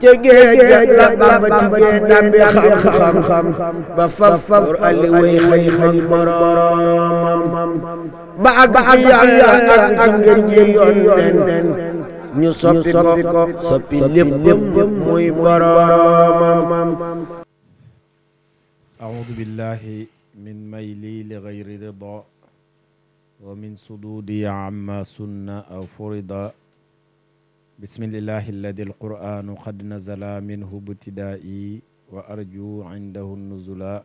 ci géej la Bamba tiggee dambi xam-xam ba faf pour ali way xalima boroomam ba ak ci yàlla ak ci ngeen ji yoon nen ñu soppi ko soppi lépp muy boroomam أعوذ بالله من ميلي لغير رضا ومن صدودي عما سن أو فرض bismillahi alladi alquranu qad nazala minhu btidaa'i wa arju indahu nuzula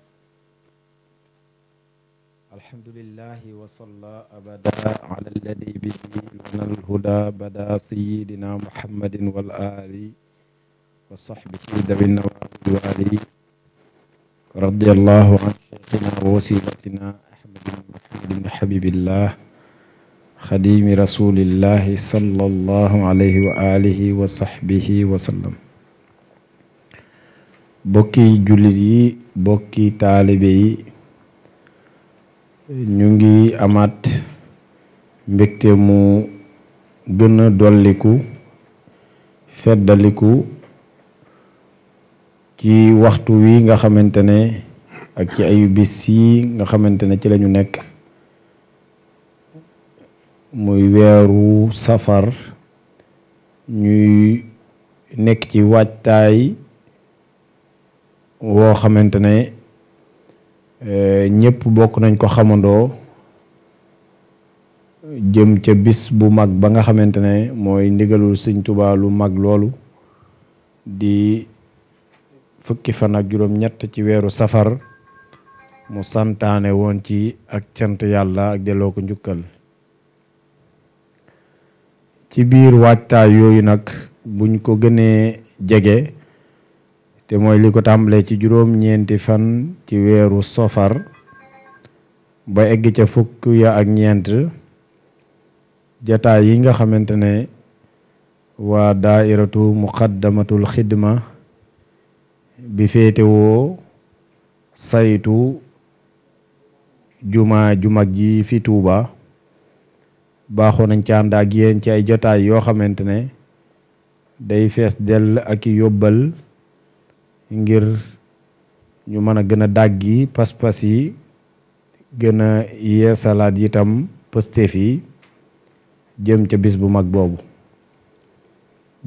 alhamdulillahi wa salla abada ala alladi bihi lana alhuda bada sayidina muhammadin wal ali wa sahbihi dawi nawawi wali radiallahu an cheikhina wa wasilatina ahmadin muhammadin habibillah xadiimi rasulillahi sallallahu alayhi wa alihi wa sahbihi wa sallam bokki jullit yi bokki taalibe yi ñu ngi amaat mbégte mu gën a dolliku feddaliku ci waxtu wi nga xamante ne ak ci ayu bis yi nga xamante ne ci lañu nekk muy weeru safar ñuy nekk ci waajtaay woo xamante ne eh, ñépp bokk nañ ko xamandoo jëm ca bis bu mag ba nga xamante ne mooy ndigalul sëñ Tuubaa lu mag loolu di fukki fan ak juróom ñett ci weeru safar mu santaane woon ci ak cant yàlla ak delloo ko njukkal ci biir waajtaay yooyu nag buñ ko gënee jege te mooy li ko tàmbalee ci juróom-ñeenti fan ci weeru sofar ba egg ca fukk ya ak ñeent jataay yi nga xamante ne waa daairatu muqaddamatul xidma bi féetewoo saytu jumaa ju mag ji fi Tuuba baaxoo nañ ci ànd ak ci ay jotaay yoo xamante ne day fees dell ak yóbbal ngir ñu mën a gën a dàggi pas yi gën a yeesalaat itam pësteef yi jëm ca bis bu mag boobu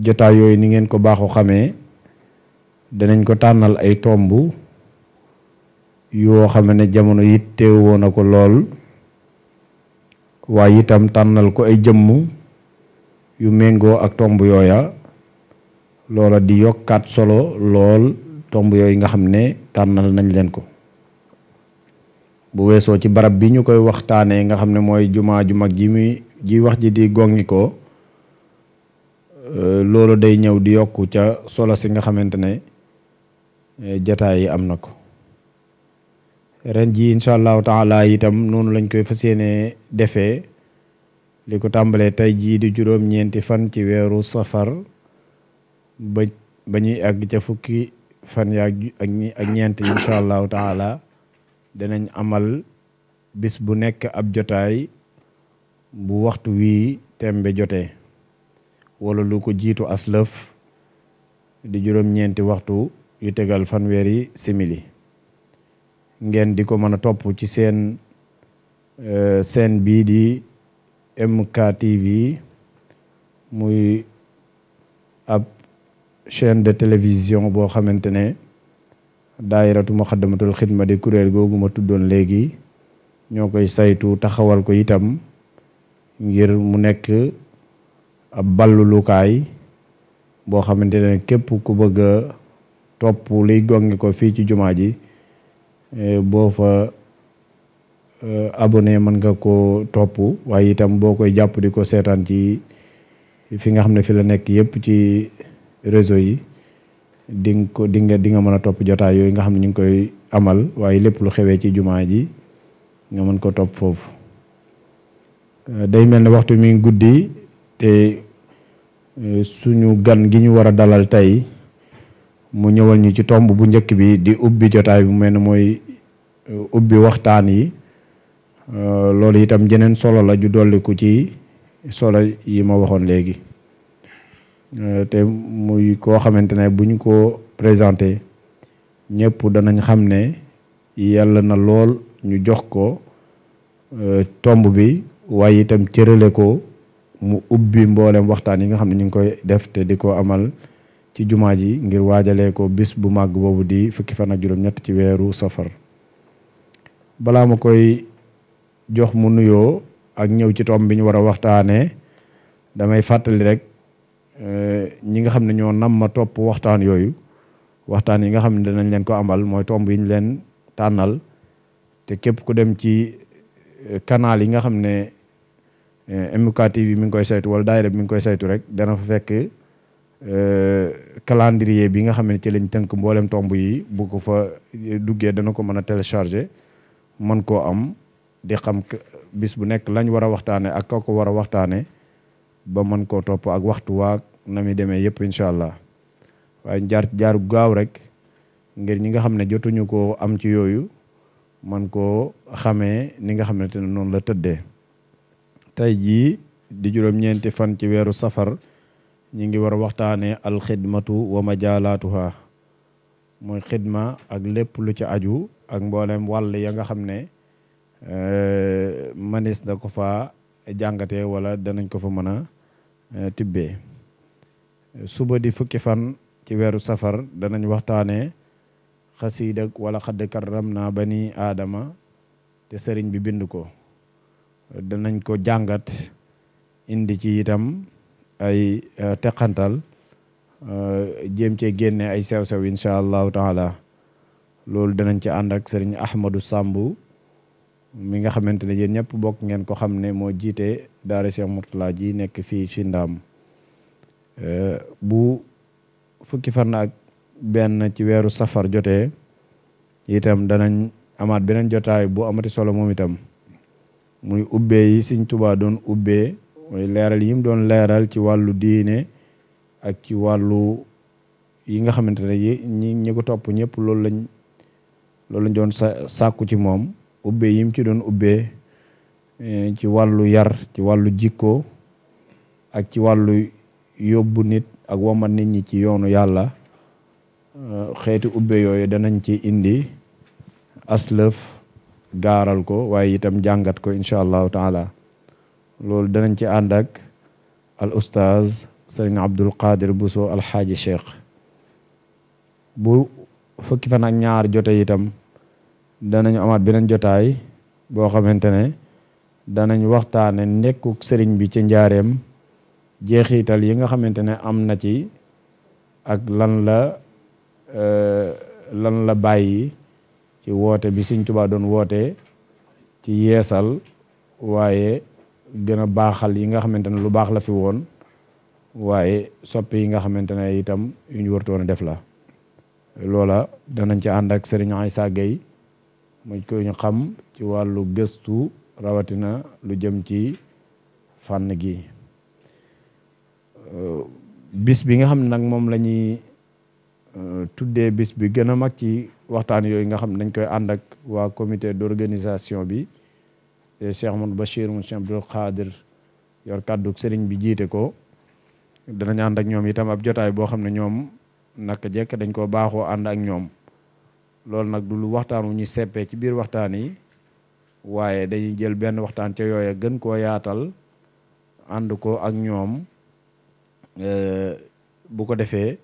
jotaay yooyu ni ngeen ko baaxoo xamee danañ ko tànnal ay tomb yoo xam ne jamono yit teewoon na ko lool waaye itam tànnal ko ay jëmm yu méngoo ak tomb yooya loola di yokkaat solo lool tomb yooyu nga xam ne tànnal nañ leen ko bu weesoo ci barab bi ñu koy waxtaanee nga xam ne mooy jumaa ju mag ji muy ji wax ji di gongi ko euh, loolu day ñëw di yokku ca solo si nga xamante ne eh, jataay yi am na ko ren ji incha allahu taala itam noonu lañ koy fas yéene defee li ko tàmbalee tey jii di juróom-ñeenti fan ci weeru safar ba ñuy àgg ca fukki fan yaa ak ñi ak ñeent incha allahu taala danañ amal bis bu nekk ab jotaay bu waxtu wii tembe jotee wala lu ko jiitu aslëf di juróom-ñeenti waxtu yu tegal fanweeri simili ngeen di ko mën a topp ci seen euh, seen bii di MKTV muy ab chaine de télévision boo xamante ne daayiratu muxaddamatul xidma di kuréel googuma tuddoon léegi ñoo koy saytu taxawal ko itam ngir mu nekk ab ballulukaay boo xamante ne képp ku bëgg a topp liy gonge ko fii ci jumaa ji Eh, boo fa eh, abonné mën nga ko topp waaye itam boo koy jàpp di ko seetaan ci fi nga xam ne fi la nekk yëpp ci réseau yi di nga ko di nga di nga mën a topp jotaay yooyu nga xam ne ñu ngi koy amal waaye lépp lu xewee ci jumaa ji nga mën koo topp foofu eh, day mel ne waxtu mi ngi guddi te suñu gan gi ñu war a dalal tey mu ñëwal ñu ci tomb bu njëkk bi di ubbi jotaay bu mel ne mooy euh, ubbi waxtaan yi euh, loolu itam jeneen solo la ju dolliku ci solo yi ma waxoon léegi euh, te muy koo xamante ne bu ko présenté ñëpp danañ xam ne yàlla na lool ñu jox ko tomb bi waaye itam cërale ko mu ubbi mboolem waxtaan yi nga xam ne ñu ngi koy def te di ko amal ci jumaa ji ngir waajale ko bis bu màgg boobu di fukki fan ak juróom-ñett ci weeru safar balaa ma koy jox mu nuyoo ak ñëw ci tom bi ñu war a waxtaanee damay fàttali rek eh, ñi nga xam ne ñoo nam ma topp waxtaan yooyu waxtaan yi nga xam ne danañ leen ko amal mooy tomb yi ñu leen tànnal te képp ku dem ci kanaal eh, yi nga xam ne eh, MK TV mi ngi koy saytu wala daayira bi mi ngi koy saytu rek dana fa fekk. Euh, calendrier bi nga xam ne ci lañ tënk mboolem tomb yi bu fa duggee dana ko mën a télécharger man koo am di xam bis bu nekk lañ war a waxtaanee ak ka ko war a waxtaanee ba mën koo topp ak waxtu waa na muy demee yëpp incha allah waaye jaar jaar gaaw rek ngir ñi nga xam ne jotuñu ko am ci yooyu man koo xamee ni nga xamante ne noonu la tëddee. tey jii di juróom-ñeenti fan ci weeru safar. ñi ngi war a waxtaanee alxidmatu wa majaalaatuha mooy xidma ak lépp lu ca aju ak mboolem wàll ya nga xam ne eh, manis na ko fa jàngate wala danañ ko fa mën a eh, tibbee suba di fukki fan ci weeru safar danañ waxtaanee xasiid ak wala xadd karram naa bani aadama te sëriñ bi bind ko danañ ko jàngat indi ci itam ay eh, teqantal eh, jéem cee génne ay sew-sew incha allahu taala loolu danañ ci ànd ak sëriñ Ahmadou Samb mi nga xamante ne yéen ñëpp bokk ngeen ko xam ne moo jiite daara Cheikh Mourtala ji nekk fii ci Ndaam eh, bu fukki fan ak benn ci weeru safar jotee itam danañ amaat beneen jotaay bu amati solo moom itam muy ubbee yi Sëriñ doon ubbee mooy leeral yi mu doon leeral ci wàllu diine ak ci wàllu yi nga xamante ne ñi ñi ko topp ñëpp loolu lañ loolu lañ doon sa sàkku ci moom ubbee yim ci doon ubbee eh, ci wàllu yar ci wàllu jikko ak ci wàllu yóbbu nit ak woman nit ñi ci yoonu yàlla eh, xeeti ubbe yooyu danañ ci indi aslëf gaaral ko waaye itam jàngat ko incha allahu taala loolu danañ ci ànd ak al ustaaz sëriñ Abdul Qadir Bousso alxaaji Cheikh bu fukki fan ak ñaar jote itam danañu amaat beneen jotaay boo xamante ne danañ waxtaane nekkuk sëriñ bi ci njaareem jeexital yi nga xamante ne am na ci ak lan la e, lan la bàyyi ci woote bi Sëriñ Tuubaa doon woote ci yeesal waaye gën a baaxal yi nga xamante ne lu baax la fi woon waaye sopp yi nga xamante ne itam yu ñu wartoon a def la loola danañ ci ànd ak Serigne Aïssa Gueye mu ko ñu xam ci wàllu gëstu rawatina lu jëm ci fànn gi euh, bis bi nga xam nag moom la ñuy euh, tuddee bis bi gën a mag ci waxtaan yooyu nga xam ne dañ koy ànd ak waa comité d'organisation bi Eh, Cheikh Amadou Bachir mu Cheikh Abdoul yor kàddu sëriñ bi jiite ko danañ ànd ak ñoom itam ab jotaay boo xam ne ñoom naka jekk dañ koo baaxoo ànd ak ñoom loolu nag du lu waxtaan wu ñuy seppee ci biir waxtaan yi waaye dañuy jël benn waxtaan ca yooya gën koo yaatal ànd ko ak ñoom eh, bu ko defee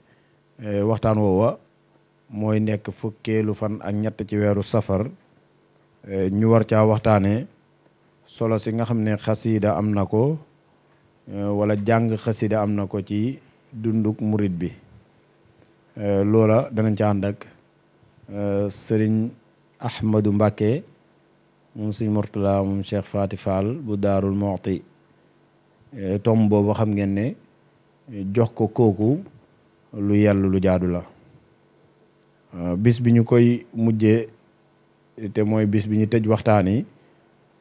eh, waxtaan woowa mooy nekk fukkeelu fan ak ñett ci weeru safar ñu war caa waxtaanee solo si nga xam ne xasiida am na ko eh, wala jàng xasiida am na ko ci dunduk murit bi eh, loola danañ ci ànd ak eh, sëriñ Ahmadou Mbacké moom sëñ Mourtala moom Cheikh Faty Fall bu Daarul Muxti tom boobu xam ngeen ne jox ko kooku lu yàllu lu jaadu la bis bi ñu koy mujje te mooy bis bi ñu tëj waxtaan yi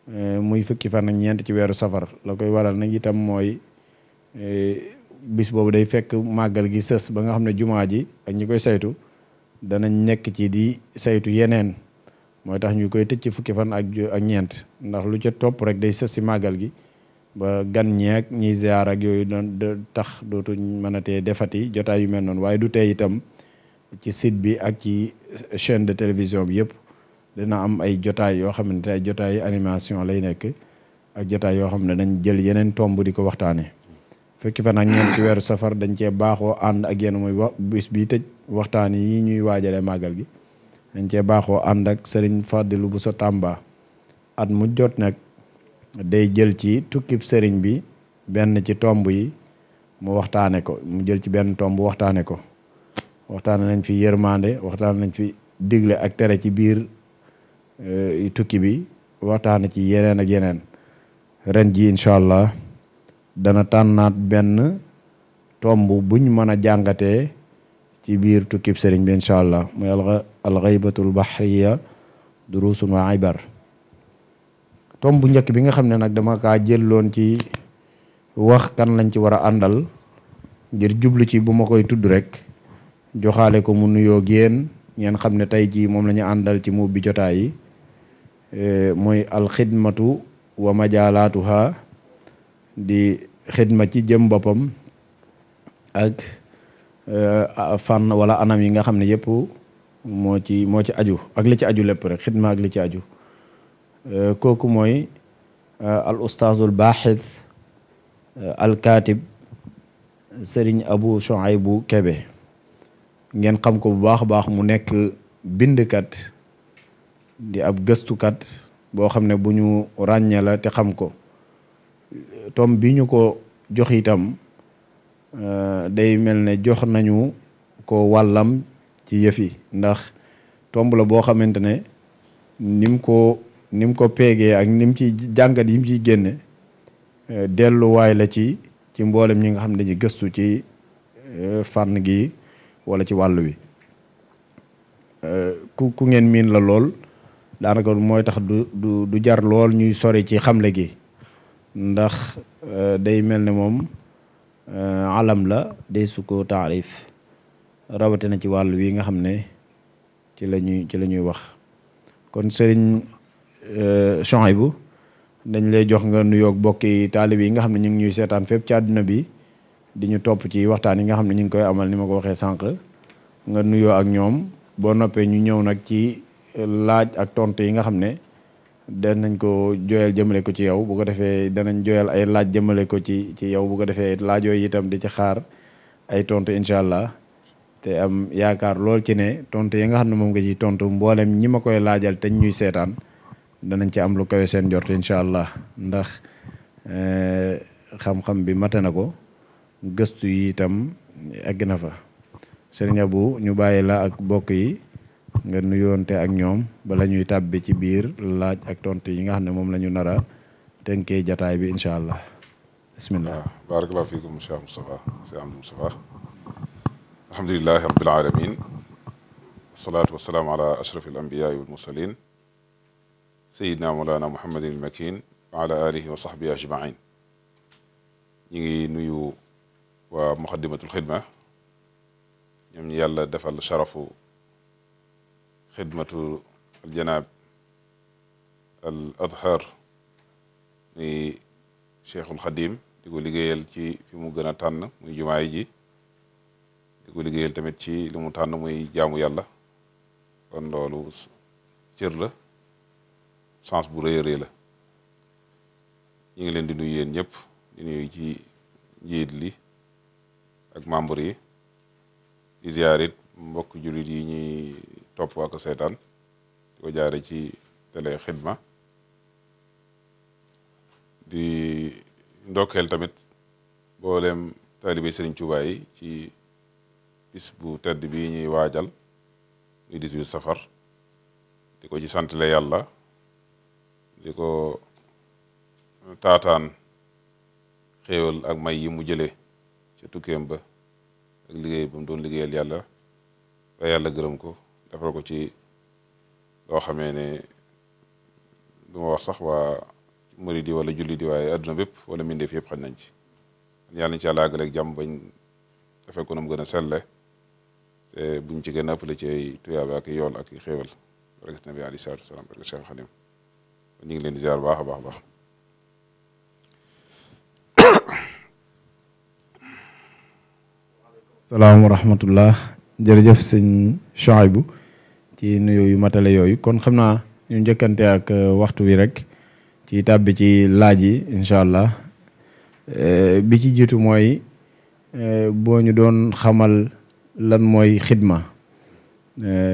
Eh, muy fukki fan ak ñeent ci weeru safar la koy waral nag itam mooy eh, bis boobu day fekk màggal gi sës ba nga xam ne jumaa ji ak ñi koy saytu danañ nekk ci di saytu yeneen mooy tax ñu koy tëj ci fukki fan ak ak ñeent ndax lu ca topp rek day sës si màggal gi ba gan ñeeg ñi ziar ak yooyu doon tax dootu mën a tee defati jotaay yu mel noonu waaye du tey itam ci site bi ak ci chaîne de télévision bi yëpp dina am ay jotaay yoo xamante ay jotaay animation lay nekk ak jotaay yoo xam ne dañ jël yeneen tomb di ko waxtaane fekki fan ak ñeent ci weeru safar dañ cee baaxoo ànd ak yéen muy bis bi tëj waxtaan yi ñuy waajalee màggal gi dañ cee baaxoo ànd ak Serigne Fadilou Bousso Tamba at mu jot nag day jël ci tukkib sëriñ bi benn ci tomb yi mu waxtaane ko mu jël ci benn tomb waxtaane ko waxtaane nañ fi yërmande waxtaane nañ fi digle ak tere ci biir Eh, tukki bi waxtaan ci yeneen ak yeneen ren ji incha allah dana tànnaat benn tomb buñ mën a jàngatee ci biir tukkib sëriñ bi incha allah muy alxaybatul bahriya durusun wa ibar tomb bu njëkk bi nga xam ne nag dama kaa jëlloon ci wax kan lañ ci war a àndal ngir jublu ci bu ma koy tudd rek joxaale ko mu nuyoo géen ngeen xam ne tey jii moom la àndal ci mu bi jotaay Eh, mooy alxidmatu wa majaalaatuha di xidma ci jëm boppam ak eh, fànn wala anam yi nga xam ne yëpp moo ci moo ci aju ak li ci aju lépp rek xidma ak li ci aju eh, kooku mooy al ustaazul baaxit al kaatib sëriñ abu bu Kebe ngeen xam ko bu baax a baax mu nekk bindkat di ab gëstukat boo xam ne bu ñu ràññee la te xam ko tom bi ñu ko jox itam euh, day mel ne jox nañu ko wàllam ci yëf yi ndax tomb la boo xamante ne ni ko ni ko peegee ak nim ci jàngat yi mu ciy génne euh, delluwaay la ci ci mboolem ñi nga xam ne dañuy gëstu ci euh, fànn gi walla ci wàll wi ku ku ngeen miin la lool daanaka mooy tax du du du jar lool ñuy sori ci xamle gi ndax euh, day mel ne moom euh, alam la day su ko taarif rawatina ci wàll wi nga xam ne ci la ñuy ci la ñuy wax kon sëriñ euh, Chouaïbou dañ lay jox nga nuyoog bokki taalib yi nga xam ne ñu ngi ñuy seetaan fépp ci àdduna bi di ñu topp ci waxtaan yi nga xam ne ñu ngi koy amal ni ma ko waxee sànq nga nuyoo ak ñoom boo noppee ñu ñëw nag ci laaj ak tontu yi nga xam ne danañ ko jooyal jëmale ko ci yow bu ko defee danañ jooyal ay laaj jëmale ko ci ci yow bu ko defee laaj yooyu itam di ci xaar ay tontu incha allah te am yaakaar lool ci ne tontu yi nga xam ne moom nga ciy tontu mboolem ñi ma koy laajal te ñuy seetaan danañ ci am lu kawe seen jort incha allah ndax eh, xam-xam bi mate na ko gëstu yi itam egg na fa sëriñ Abu ñu bàyyi la ak bokk yi. nga nuyoonte ak ñoom bala ñuy tàbbi ci biir laaj ak tontu yi nga xam ne moom lañu nara nar jataay bi incha allah bismillah barakallahu fiikum cheikh moustapha cheikh amadou moustapha alhamdulilahi alamin wasalaatu wasalaamu ala ashraf al anbiyaai wal mursalin sayidna molaana muhammadin al makin wa ala alihi wa sahbihi ajmain ñi ngi nuyu waa muqaddimatul yàlla defal sharafu xidmatu aljanaab al adhar ni cheikhul xadim di ko liggéeyal ci fi mu gën a tànn muy jumaay ji di ko liggéeyal tamit ci li mu tànn muy jaamu yàlla kon loolu cër la sens bu rëy a la ñu ngi leen di nuyu yéen ñëpp di nuyu ci njiit li ak membre yi di ziarit mbokk jullit yi ñuy topp waa ko seetaan di ko ci télé xidma di ndokkeel tamit mboolem taalibe Sëriñ Tuubaa yi ci bis bu tedd bi ñuy waajal muy 18 safar di ko ci santle yàlla di ko taataan xéewal ak may yi mu jële ci tukkeem ba ak liggéey ba mu doon liggéeyal yàlla ba yàlla gërëm ko defal ko ci loo xamee ne du ma wax sax waa murid yi wala julli di waaye adduna bépp wala mbindeef yëpp xañ nañ ci yàlla nañ ci àlla àggaleeg jàmm bañ defee ko nam gën a selle te buñ ci gën a ëppale ci ay tuyaaba ak yool ak xéewal barke nabi aleyhi salaam barke Cheikh Xadim ñu ngi leen di ziar baax a baax baax jërëjëf sëñ Chouaïbou ci nuyoo yu matale yooyu kon xam naa ñu njëkkante ak euh, waxtu wi rek ci tàbbi ci laaj yi incha allah euh, bi ci jiitu mooy euh, boo ñu doon xamal lan mooy xidma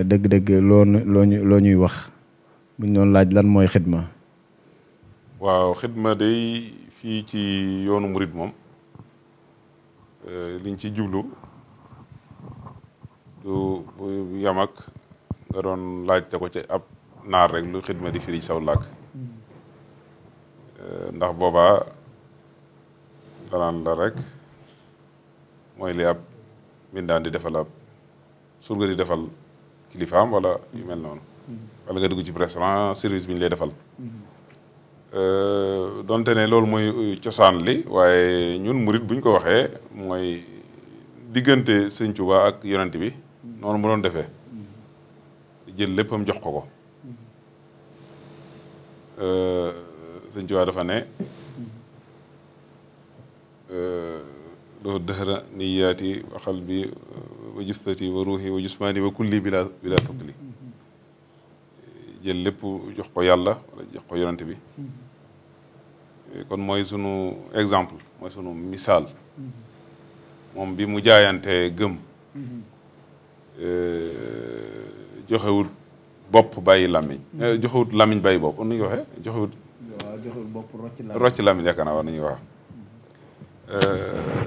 dëgg-dëgg loo ñuy wax bu ñu doon laaj lan mooy xidma. waaw xidma day fii ci yoonu murit moom liñ ci jublu du yam nga doon laajte ko ci ab naar rek lu xidma di firi saw làkk eh, ndax boobaa danaan la rek mooy li ab mbindaan di defal ab surga di defal kilifaam walla yu mel noonu wala nga dugg ci restaurant service bi ñu lay defal eh, donte ne loolu mooy cosaan li waaye ñun murit bu ko waxee mooy diggante sëñ Tuubaa ak yonent bi noonu mu doon defee jël léppam jox ko ko euh, sëñ Tuubaa dafa ne euh, loolu dëhra niyaati wa qalbi wa jistati wa ruuxi wa jismaani wa kulli bila bila jël lépp jox ko yàlla wala jox ko yonent bi kon mooy sunu exemple mooy sunu misaal moom bi mu jaayante gëm mm-hmm. euh, joxewut bopp bàyyi làmmiñ mm. eh, joxewut làmmiñ bàyyi bopp nu ñu waxee joxewut rocc làmmiñ yaakaar naa war nañuy wax mm. eh,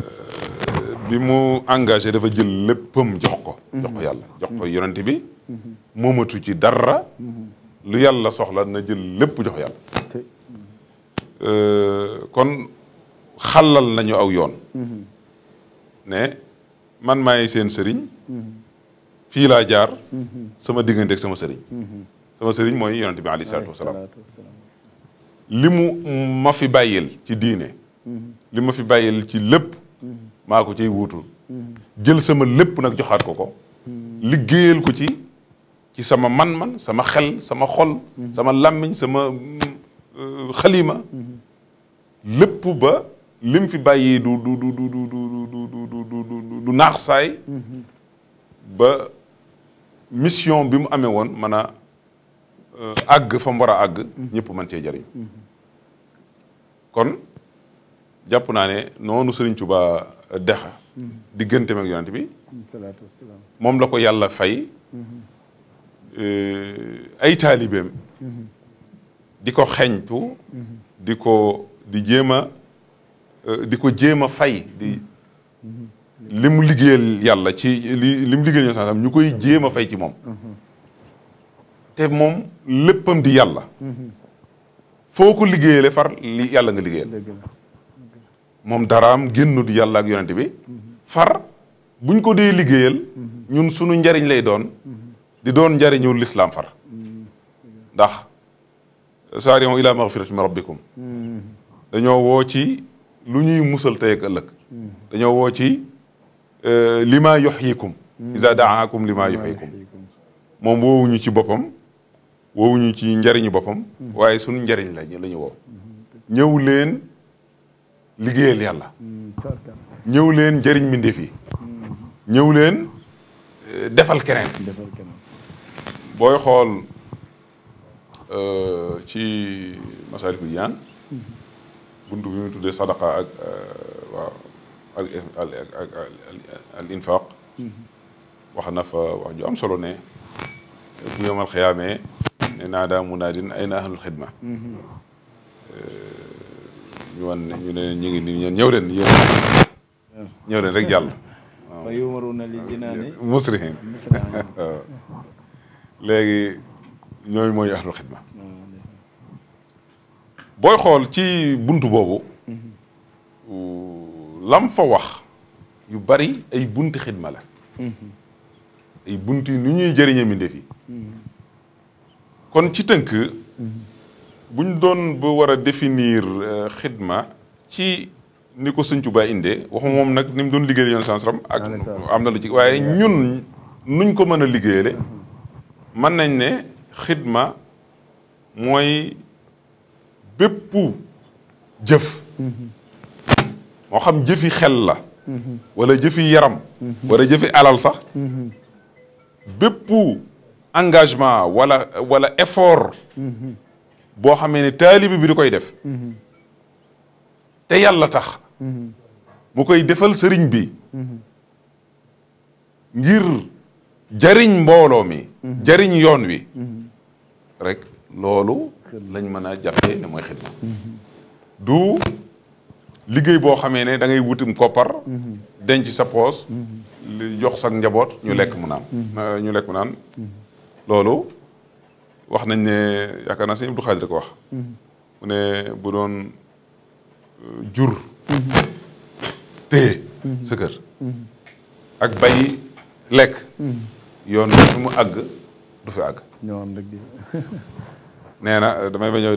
bi mu engagé dafa jël léppam jox ko mm-hmm. jox ko yàlla jox ko mm-hmm. yonent bi mm-hmm. moomatu ci dara lu yàlla soxla na jël lépp jox yàlla eh, kon xalal nañu aw yoon ne man maay seen sëriñ fii laa jaar sama diggante ak sama sëriñ sama sëriñ mooy yonent bi alayhi salaatu wasalaam li mu ma fi bàyyil ci diine li ma fi bàyyil ci lépp maa ko ciy wuutul jël sama lépp nag joxaat ko ko liggéeyal ko ci ci sama man-man sama xel sama xol sama làmmiñ sama xalima lépp ba lim fi bàyyi du du du du du du du du naax saay ba mission bi mu amee woon mën a euh, àgg fa mu war a àgg. mën cee jariñ kon jàpp naa ne noonu Serigne Touba dexa digganteem ak yonent bi. moom la ko yàlla fay. Mhm. Euh, ay taalibeem. Mhm. di ko xeñtu. Mhm. di ko di jéem a euh, di ko jéem a fay di. li mu liggéeyal yàlla ci li li mu liggéeyal ñu koy jéem a fay ci moom te moom léppam di yàlla foo ko liggéeyale far yàlla nga liggéeyal moom daraam génnu di yàlla ak yonent bi far buñ ko dee liggéeyal ñun sunu njariñ lay doon di doon njariñu lislaam far ndax saarion ila magfirati min rabbikum dañoo woo ci lu ñuy musal tey ëllëg dañoo woo ci Euh, lima yuhyikum iza daakum lima yuhyikum moom woowuñu ci boppam woowuñu ci njariñu boppam waaye sunu njariñ la la ñu leen liggéeyal yàlla ñëw leen njëriñ mbindéef yi leen euh, defal keneen booy xool euh, ci Masaalikul Jinaan buntu bi ñu tuddee sadaqa al infaq mhm. wax na fa wax ju am solo ne bu yomal xiyaamee ne naada munaadin ayna ahlul xidma mhm. eh, ñu ñëw leen yéen ñëw leen rek jàll waaw yumaruna li jinaani musrihin waaw eh, léegi ñooyu mooy ahlul xidma mm-hmm. booy xool ci bunt boobu mm-hmm. lam fa wax yu bari ay bunti xidma la ay bunt yu nu ñuy jëriñe mbindéef yi kon ci tënk buñ doon ba war a définir euh, xidma ci ni ko sëñ baa indee waxu moom nag ni mu doon liggéeyal yoon sansaram ak am na lu ci waaye ñun nuñ ko mën a liggéeyale mm-hmm. mën nañ ne xidma mooy bépp jëf mm-hmm. moo xam jëfi xel la wala jëfi yaram wala jëfi alal sax bépp engagement wala wala effort boo xamee ne taalibi bi di koy def te yàlla tax mu koy defal sëriñ bi ngir jariñ mbooloo mi jariñ yoon wi rek loolu lañ mën a jàppee ne mooy xidma du liggéey boo xamee ne dangay wutim wutum koppar. Mhm. denc sa poos. Mhm. li jox sa njaboot ñu lekk mu naan. Mhm. Euh, ñu lekk mu naan. loolu wax nañ ne yaakaar naa sëñ Abdou Khadir ko wax. mu ne bu doon euh, jur. téye sa ak bayi lekk. yoon wi mu àgg du fi àgg. nee na damay bañ a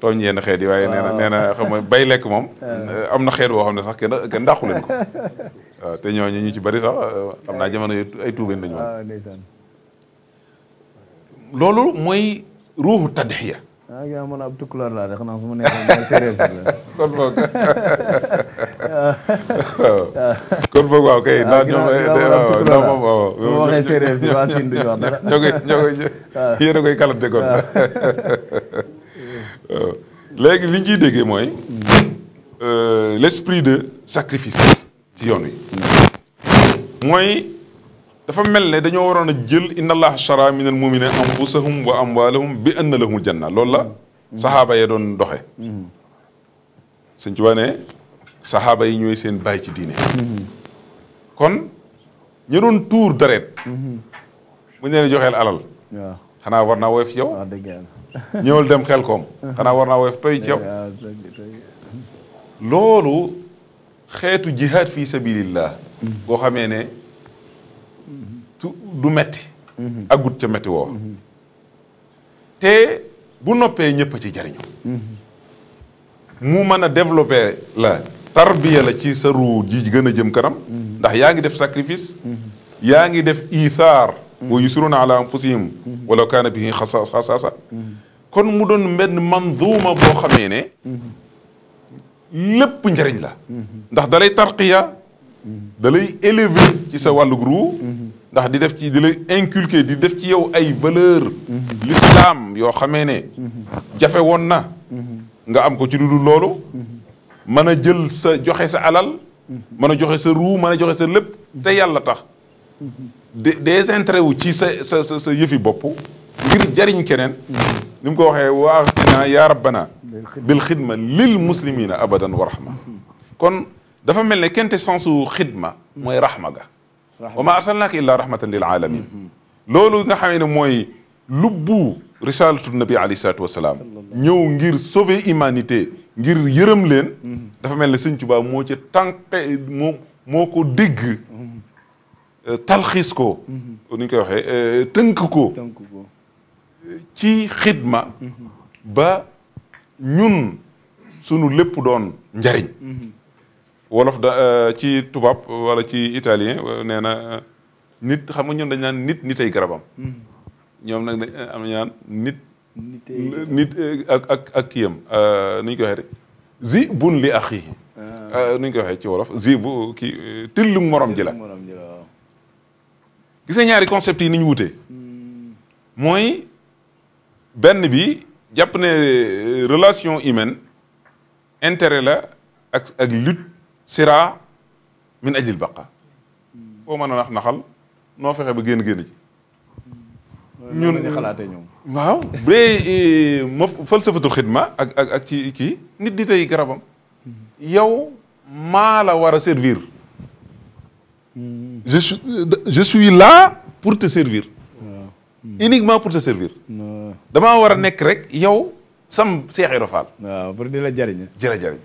tooñ yenn xeet yi waaye nee na nee xam nga bay lekk moom eh, am na xeet woo xam ne sax kenn kenn dàqu ko waaw te ñooñu ñu ci bari sax xam eh, naa jamono ay tuubeen lañu woon loolu mooy ruuxu tadxiya ah yow man ab tukkuloor laa de xanaa fu mu nekk mooy séeréer kon boog kon boog waaw kay. Ah, waaw ginnaaw ginnaaw moom waaw su ma waxee séeréer si waa Sine du ñu wax dara. ñoo koy ñoo koy ah. yéen a koy kalante kon. Ah. léegi li ñu ciy déggee mooy euh, l' esprit de sacrifice ci yoon wi mm. mooy. dafa mel ne dañoo waroon a jël inna allaha shara min al muminina anfusahum wa amwalahum bi anna lahumul janna loolu la saxaaba yee doon doxe sëñ Tuubaa saxaaba yi ñooy seen baay ci diine kon ñu doon tuur deret bu ñu leen joxeel alal xanaa war naa woyof ci yow ah, ñëwal dem xel koom xanaa war naa woyof toy ci yow loolu xeetu jihaad fi sabilillah boo xamee ne du metti mhm. ak gut ca metti woo mhm. te bu noppee ñëpp ci jariñu mhm. mu mën a développé la tarbiya la ci sa ruu ji gën a jëm kanam ndax yaa ngi def sacrifice yaa ngi def iithaar wa yusiruuna ala anfusihim walaw kaana bihi xasaasa kon mu doon benn manzuuma boo xamee ne lépp njariñ la ndax dalay tarqiya dalay élever ci sa wàllug ruu ndax di def ci di la di def ci yow ay valeur l'islam yoo xamee ne jafe woon na nga am ko ci lu dul loolu mën a jël sa joxe sa alal mën a joxe sa ruu mën a joxe sa lépp te yàlla tax de désintérêt wu ci sa sa sa yëfi boppu ngir jariñ keneen ni mu ko waxee waa xinaa yaa rabbana bil xidma lil muslimina abadan wa rahma kon dafa mel ne kente sensu xidma mooy rahma ga wa ma arsalnaaka illa rahmatan lil alamin loolu nga xamee na mooy lubbu risalatu nabi alayhi salaatu wasalaam ñëw ngir sauver humanité ngir yërëm leen dafa mel ne sëñ Tuubaa moo ci tànqe moo ko dégg euh, talxiis ko ni euh, tënk ko ci xidma ba ñun sunu lépp doon njariñ mm-hmm. wolof da euh, ci tubaab wala ci italien euh, nee na euh, nit xam nga ñoom dañ naan nit nitay garabam. Hmm. ñoom nit. nit ak ak ak kiyam nu ñu koy waxee zi bun li axi. Ah. nu ñu koy waxee ci wolof zi bu kii tillu morom ji la. gise ñaari concept yi ni ñu wutee. Hmm. mooy benn bi jàpp ne relation humaine intére la ak ak sira min ajlil baqa boo mën a nax naxal noo fexe ba génn génn ci ñun ñu xalaatee ñoom waaw bu dee eh, ak ak ak ci kii nit di tey garabam yow maa la war a servir mm. je suis je suis pour te servir mm. uniquement pour te servir dama war a nekk rek yow sam Seex Ibra Faal waaw pour jariñ jërë jariñ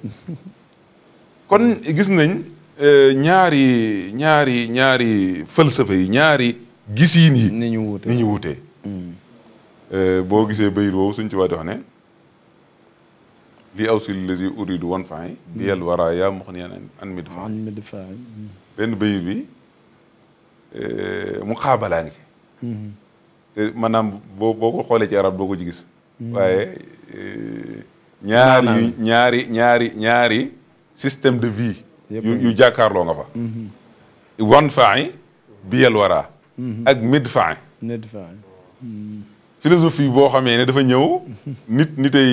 kon gis nañ euh, ñaari ñaari ñaari falsafa yi ñaari gisiin yi. ni ñu wuute ni mm. euh, boo gisee bayit woowu suñ ci waat wax ne. li aw si lazi uridu wan faay. bi yàlla wara yaa mox ni an mid faay mm. benn bayit bi euh, mu xaabalaa ngi mm-hmm. maanaam boo boo ko xoolee ci arab doo ko ci gis. Mm-hmm. waaye ñaari ñaari ñaari ñaari. système de vie. yu yu jàkkaarloo nga fa. Mhm. wan faay biyal waraa. Mhm. ak mid faay. Mhm. philosophie boo xamee ne dafa ñëw nit nitay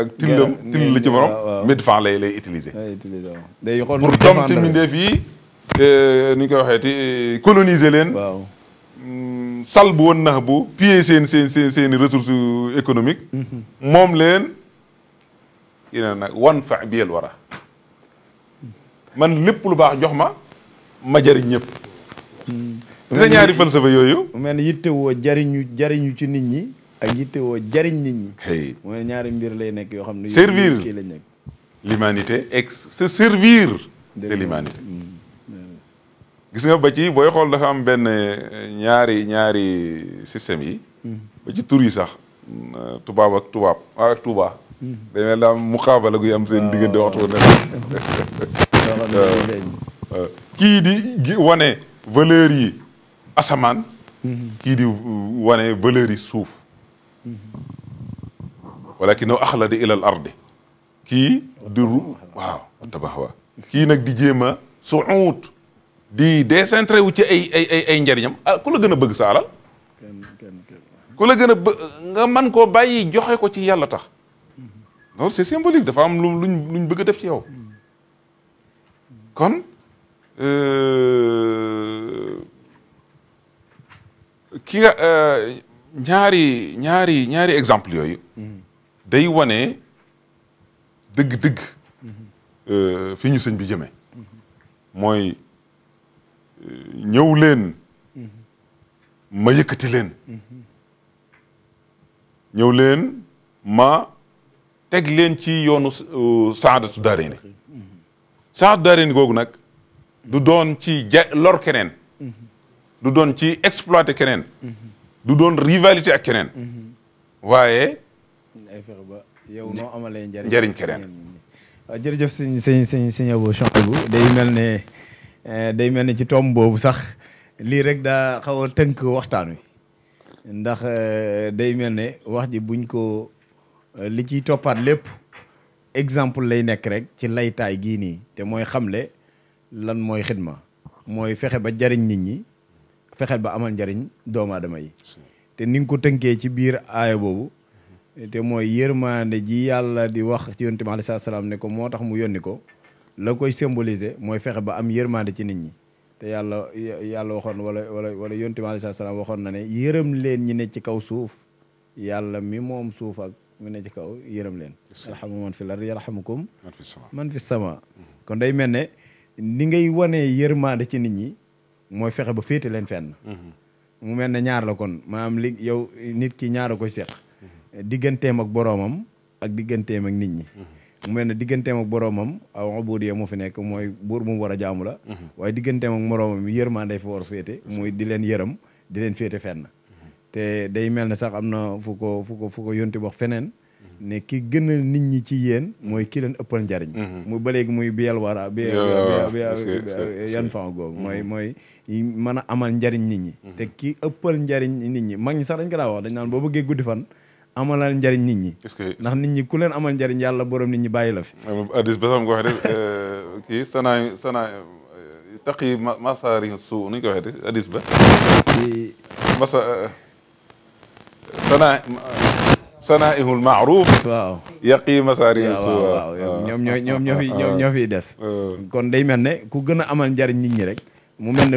ak tillam till la ci borom mid fan lay lay utiliser pour domte mbindeef yi ni ñu koy waxee ti euh, coloniser leen mm, sal bu woon bu piller seen seen seen ressource économique moom leen ina nag wan fa biyel wara man lépp lu baax jox ma ma jëriñ ñëpp. dina ñaari falsafa yooyu. mu mel ni yittewoo jariñu jariñu ci nit ñi ak yittewoo jariñ nit ñi. kay ñaari mbir lay nekk yoo xam ne. servir kii lañ nekk. l'humanité ex servir. de l'humanité mm. gis nga ba ci booy xool dafa am benn eh, ñaari ñaari système yi. Mm. ba ci sax mm, euh, tubaab ak tubaab ah, ak tubaab. dañu mel ne daal guy am seen ah, diggante waxtu ne kii di wane valeur yi asamaan kii di wane valeur yi suuf walakinahu axlada ilal ardi kii di ru waaw tabax waa kii nag di jéem a suut di décentré wu ci ay ay ay njariñam ah ku la gën a bëgg sa alal ku la gën a bë nga man koo bàyyi joxe ko ci yàlla tax loolu c'est symbolique dafa am lu luñ luñ bëgg def ci yow kon ki nga ñaari ñaari ñaari exemple yooyu. Mhm. day wane dëgg-dëgg. Mhm. fi ñu sëñ bi jëmee. Mhm. mooy ñëw leen. ma yëkkati leen. ñëw leen ma teg leen ci yoonu saadatu daarayni sax daareen googu nag du doon ci ja lor keneen du doon ci exploité keneen du doon rivalité ak keneen waaye ay fexe ba yow noo amalee njëriñ njëriñ keneen jërëjëf sëñ sëñ sëñ sëñ Abo Chouhaïbou day mel ne eh, day mel ne ci tomb boobu sax lii rek daa xaw a tënk waxtaan wi ndax eh, day mel ne wax ji buñ ko eh, li ciy toppaat lépp exemple lay nekk rek ci laytaay gii nii te mooy xamle lan mooy xidma mooy fexe ba jariñ nit ñi fexe ba amal njariñ doomu aadama yi te ni ko tënkee ci biir aaya boobu te mooy yërmaande ji yàlla di wax ci yonent bi alayhi salaam ne ko moo tax mu yónni ko la koy symboliser mooy fexe ba am yërmaande ci nit ñi te yàlla yàlla waxoon wala wala wala yonent bi waxoon na ne yërëm leen ñi ne ci kaw suuf yàlla mi moom suuf mu ne ci kaw yërëm leen yarhamu man fil ardi yarhamukum man fi sama mm-hmm. kon day mel ne ni ngay wanee yërmaande ci nit ñi mooy fexe ba féete leen fenn mm-hmm. mu mel ne ñaar la kon maanaam li yow nit ki ñaara a koy seq mm-hmm. digganteem ak boroomam ak digganteem ak nit ñi mu mel ne digganteem ak boroomam aw ubudiya moo fi nekk mooy buur mu war a jaamu la waaye digganteem ak moroomam yërmaande fa war a féete mooy di leen yërëm di leen féete fenn te day mel ne sax am na fu ko fu ko fu ko yonti feneen ne ki gënal nit ñi ci yéen mooy ki leen ëppal njariñ mhm. mu ba léegi muy biyal wara bi yan fan googu mooy mhm. mooy mën a amal njariñ nit ñi mhm. te ki ëppal njariñ nit ñi mag ñi sax dañ ko daa dañ naan boo bëggee guddi fan amalal njariñ nit ñi ndax nit ñi ku leen amal njariñ yàlla borom nit ñi bàyyi la fi addis ba sam ko waxee de euh, kii sanaa sanaa taqi masaari suu nuñ ko waxee addis ba euh, sanaa sanaa'ihul ma'ruuf waaw yaqi ñoo fi des ah. Ah. kon day mel ne ku gën a amal njariñ nit ñi rek mu mel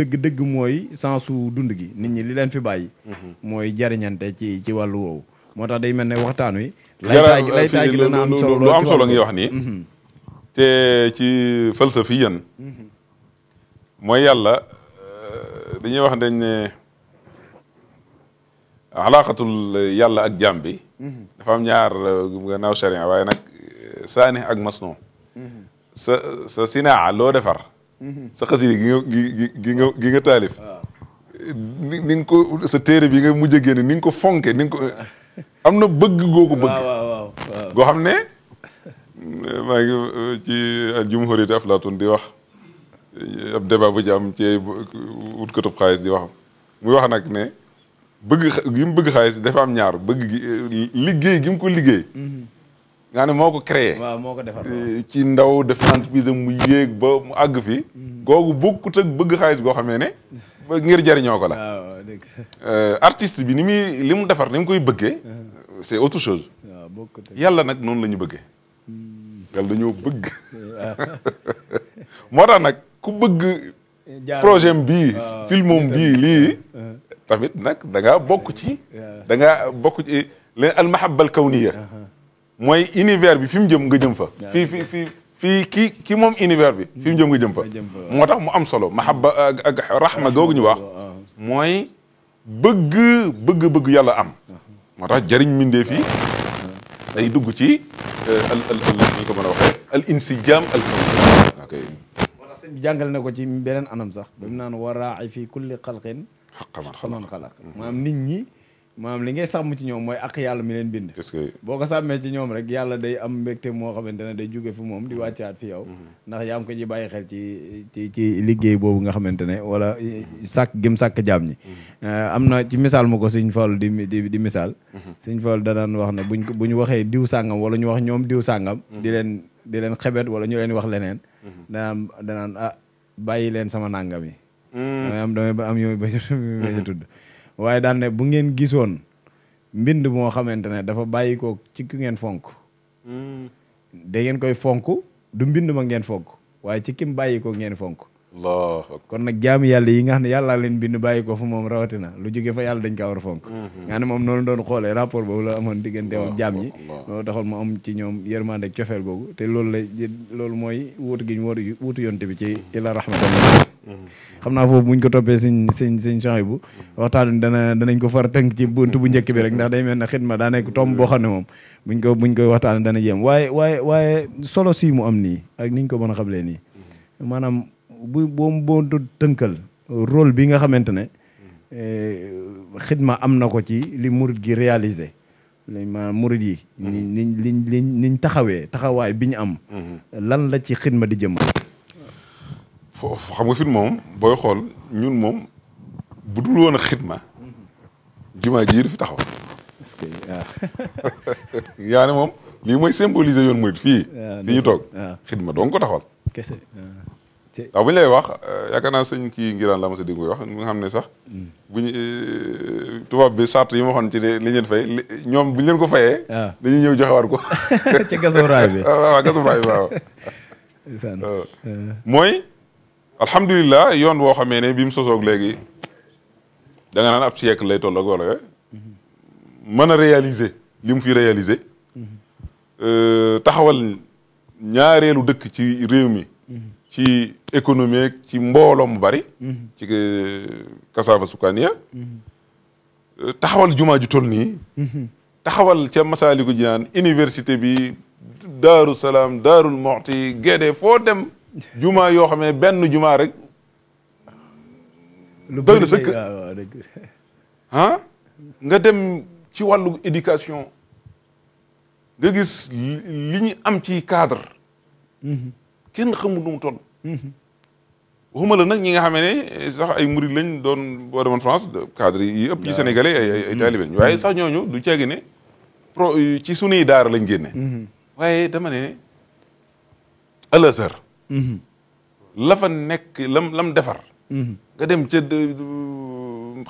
dëgg-dëgg mooy sensu dund gi nit ñi li leen fi bàyyi mhm. mooy jariñante ci ci wàllu woowu moo tax day mel ne waxtaan wi lay taay gi dana am solo lu am wax nii mhm. te ci falsafiyan mhm. mooy yàlla euh, dañuy wax dañ ne alaaqatul yàlla ak jaam bi dafa am ñaar uh, gannaaw sharia waaye nag uh, saani ak masno sa sa loo defar sa xasida gi nga gi nga gi nga taalif ni ko sa téere bi nga mujj a génne ni ko fonke ni nga ko am na bëgg goo ko bëgg goo xam ne maa ngi uh, ci aflatun di wax ab débat bu ci am ci wut këtub xaalis di wax muy wax nag ne bëgg gi mu bëgg xaalis dafa am ñaar bëgg eh, liggéey gi mu ko liggéey. Mm-hmm. nga ne moo ko créé. moo ko defar eh, ci ndaw def entreprise mu yéeg ba mu àgg fi. Mm-hmm. googu bokkut ak bëgg xaalis goo xamee ne. ngir jariñoo ko la. waaw eh, artiste bi ni muy li mu defar ni mu koy bëggee. Uh-huh. c'est autre chose. yàlla nag noonu la ñu bëggee. Mm-hmm. yàlla dañoo bëgg. moo tax nag ku bëgg. projet bii. filmom bii lii. Uh-huh. tamit nag danga ngaa bokk ci da ngaa bokk ci leen almahabal kawniya mooy univers bi fi mu jëm nga jëm fa fii fii kii kii moom univers bi fi mu jëm nga jëm fa moo tax mu am solo mahabba ak rahma googu ñu wax mooy bëgg bëgg-bëgg yàlla am uh-huh. moo tax jëriñ mindee fi ay dugg ci euh, al al al ñu ko mën a waxee al bi jàngal na ko ci beneen anam sax ba mu naan waraa'i fii kulli xalqin xaman xaman xalaq maanaam nit ñi maam li ngay sàmm ci ñoom mooy ak yàlla mi leen bind boo ko sàmmee ci ñoom rek yàlla day am mbégte moo xamante ne day jóge fi moom di wàccaat fi yow mm-hmm. ndax yaa am ko ci bàyyi xel ci ci ci liggéey boobu nga xamante ne wala eh, mm-hmm. sàkk gim sàkk jaam ñi mm-hmm. eh, am na ci misaal ma ko suñ Fallu di di di misaal suñ Fallu danaan wax ne buñ bu ñu waxee diw sàngam wala ñu wax ñoom diw sàngam di leen di leen xebet wala ñu leen wax leneen danaan danaan ah bàyyi leen sama nàngam yi Mm. damay am damay ba am yooyu ba ca waaye daan ne bu ngeen gisoon mbind moo xamante ne dafa bàyyi ko ci ngeen fonk mm. da ngeen koy fonk du mbind ma ngeen fonk waaye ci kim bàyyi ko ngeen fonk kon nag jaam yàlla yi nga xam ne yàllaa leen bind bàyyi ko fu moom rawatina lu jóge fa yàlla dañ ko war a fonk mhm. nga ne moom noonu doon xoolee rapport boobu la amoon diggante am jaam yi loolu taxoon mu am ci ñoom yërmande ak cofeel googu te loolu la loolu mooy wuutu gi ñu war wuutu yonte bi ci mhm. ila rahmatullah mhm. xam naa foofu buñ ko toppee siñ siñ siñ change bu waxtaan dana danañ ko far tënk ci bunt bu njëkk bi rek ndax day mel ne xidma daa nekk tomb boo xam ne moom buñ ko buñ koy waxtaan dana jéem waaye waaye waaye solo si mu am nii ak niñ ko mën a xamlee nii bu boo boo tënkal rôle bi nga xamante ne eh, xidma am na ko ci li murit gi réaliser li ma murit yi ni mm-hmm. niñ taxawee taxawaay bi ñu am mm-hmm. lan la ci xidma di jëmmal foofu xam nga fit moom booy xool ñun moom bu dul woon a xidma mm-hmm. jumaa ji du fi taxaw est-ce que ah. moom lii mooy symboliser yoon murit fii ah, fii ñu toog ah. xidma doon ko taxawal kese waaw bu lay wax euh, yaakaar naa sëñ ki ngiraan la ma sa dégg wax nga xam ne sax mm. bu ñu euh, tubaab bi sart yi waxoon ci li leen fay ñoom bu ñu leen ko fayee ah. dañuy ñëw joxe joxewaat ko ci gasum ah, raay bi waaw gasum raay bi mooy alhamdulilah yoon woo xamee ne bi mu sosoog léegi da nga naan ab siècle lay toll ak yooyu mm-hmm. mën a réaliser li fi réaliser mm-hmm. euh, taxawal ñaareelu dëkk ci réew mi mm-hmm. ci économie ci mbooloo mu bari. Mhm. ci Kassava Soukaniya. Mhm. taxawal jumaa ju toll nii. Mhm. taxawal ca Masaliku Jinaan université bi Daaru Salaam Daarul Moxti Guédé foo dem jumaa yoo xam ne benn jumaa rek. lu doy na sëkk nga dem ci wàllu éducation nga gis li ñu am ci cadre. kenn xamul nu mu waxuma la nag ñi nga xam ne sax ay murid lañ doon boo demoon France cadre yi ëpp ci sénégalais ay ay mm-hmm. waaye sax ñooñu du ceegi ne ci sunuy daara lañ génne mm-hmm. waaye dama ne al azhar mm-hmm. la nekk lam defar nga dem ca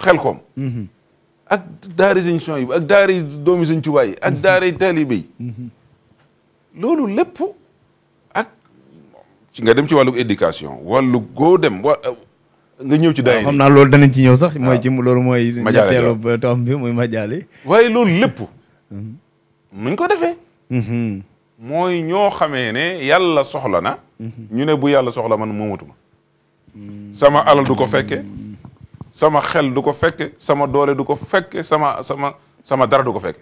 xel koom ak daari sëñ son yi ak daari doomi sëñ Tuubaa ak daari taalibe loolu lépp ci nga dem ci wàllu éducation wallu goo dem wa euh, nga ñëw ci daay xam naa loolu danañ ci ñëw sax mooy ah. ci loolu mooy ñetteelu tom bi muy majaali waaye loolu lépp mhm. nuñ ko defee mhm. mooy ñoo xamee ne yàlla soxla na mhm. ñu ne bu yàlla soxla ma man moomatuma sama alal du ko fekke sama xel du ko fekke sama doole du ko fekke sama sama sama dara du ko fekke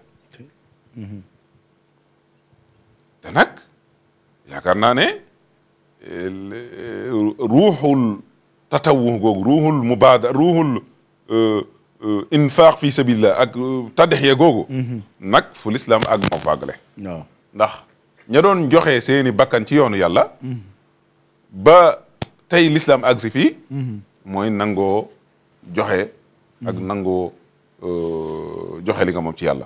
te nag yaakaar naa ne Eh, ruuxul tatawuh googu ruuxul mubaada ruuxul eh, eh, infaaq fi sabilillah ak tadxiya googu mhm. nag fu lislaam ak moo faagale ndax ña doon joxe seeni bakkan ci yoonu yàlla mhm. ba tey lislaam agsi fii mhm. mooy nangoo joxe ak nangoo joxe li nga moom ci yàlla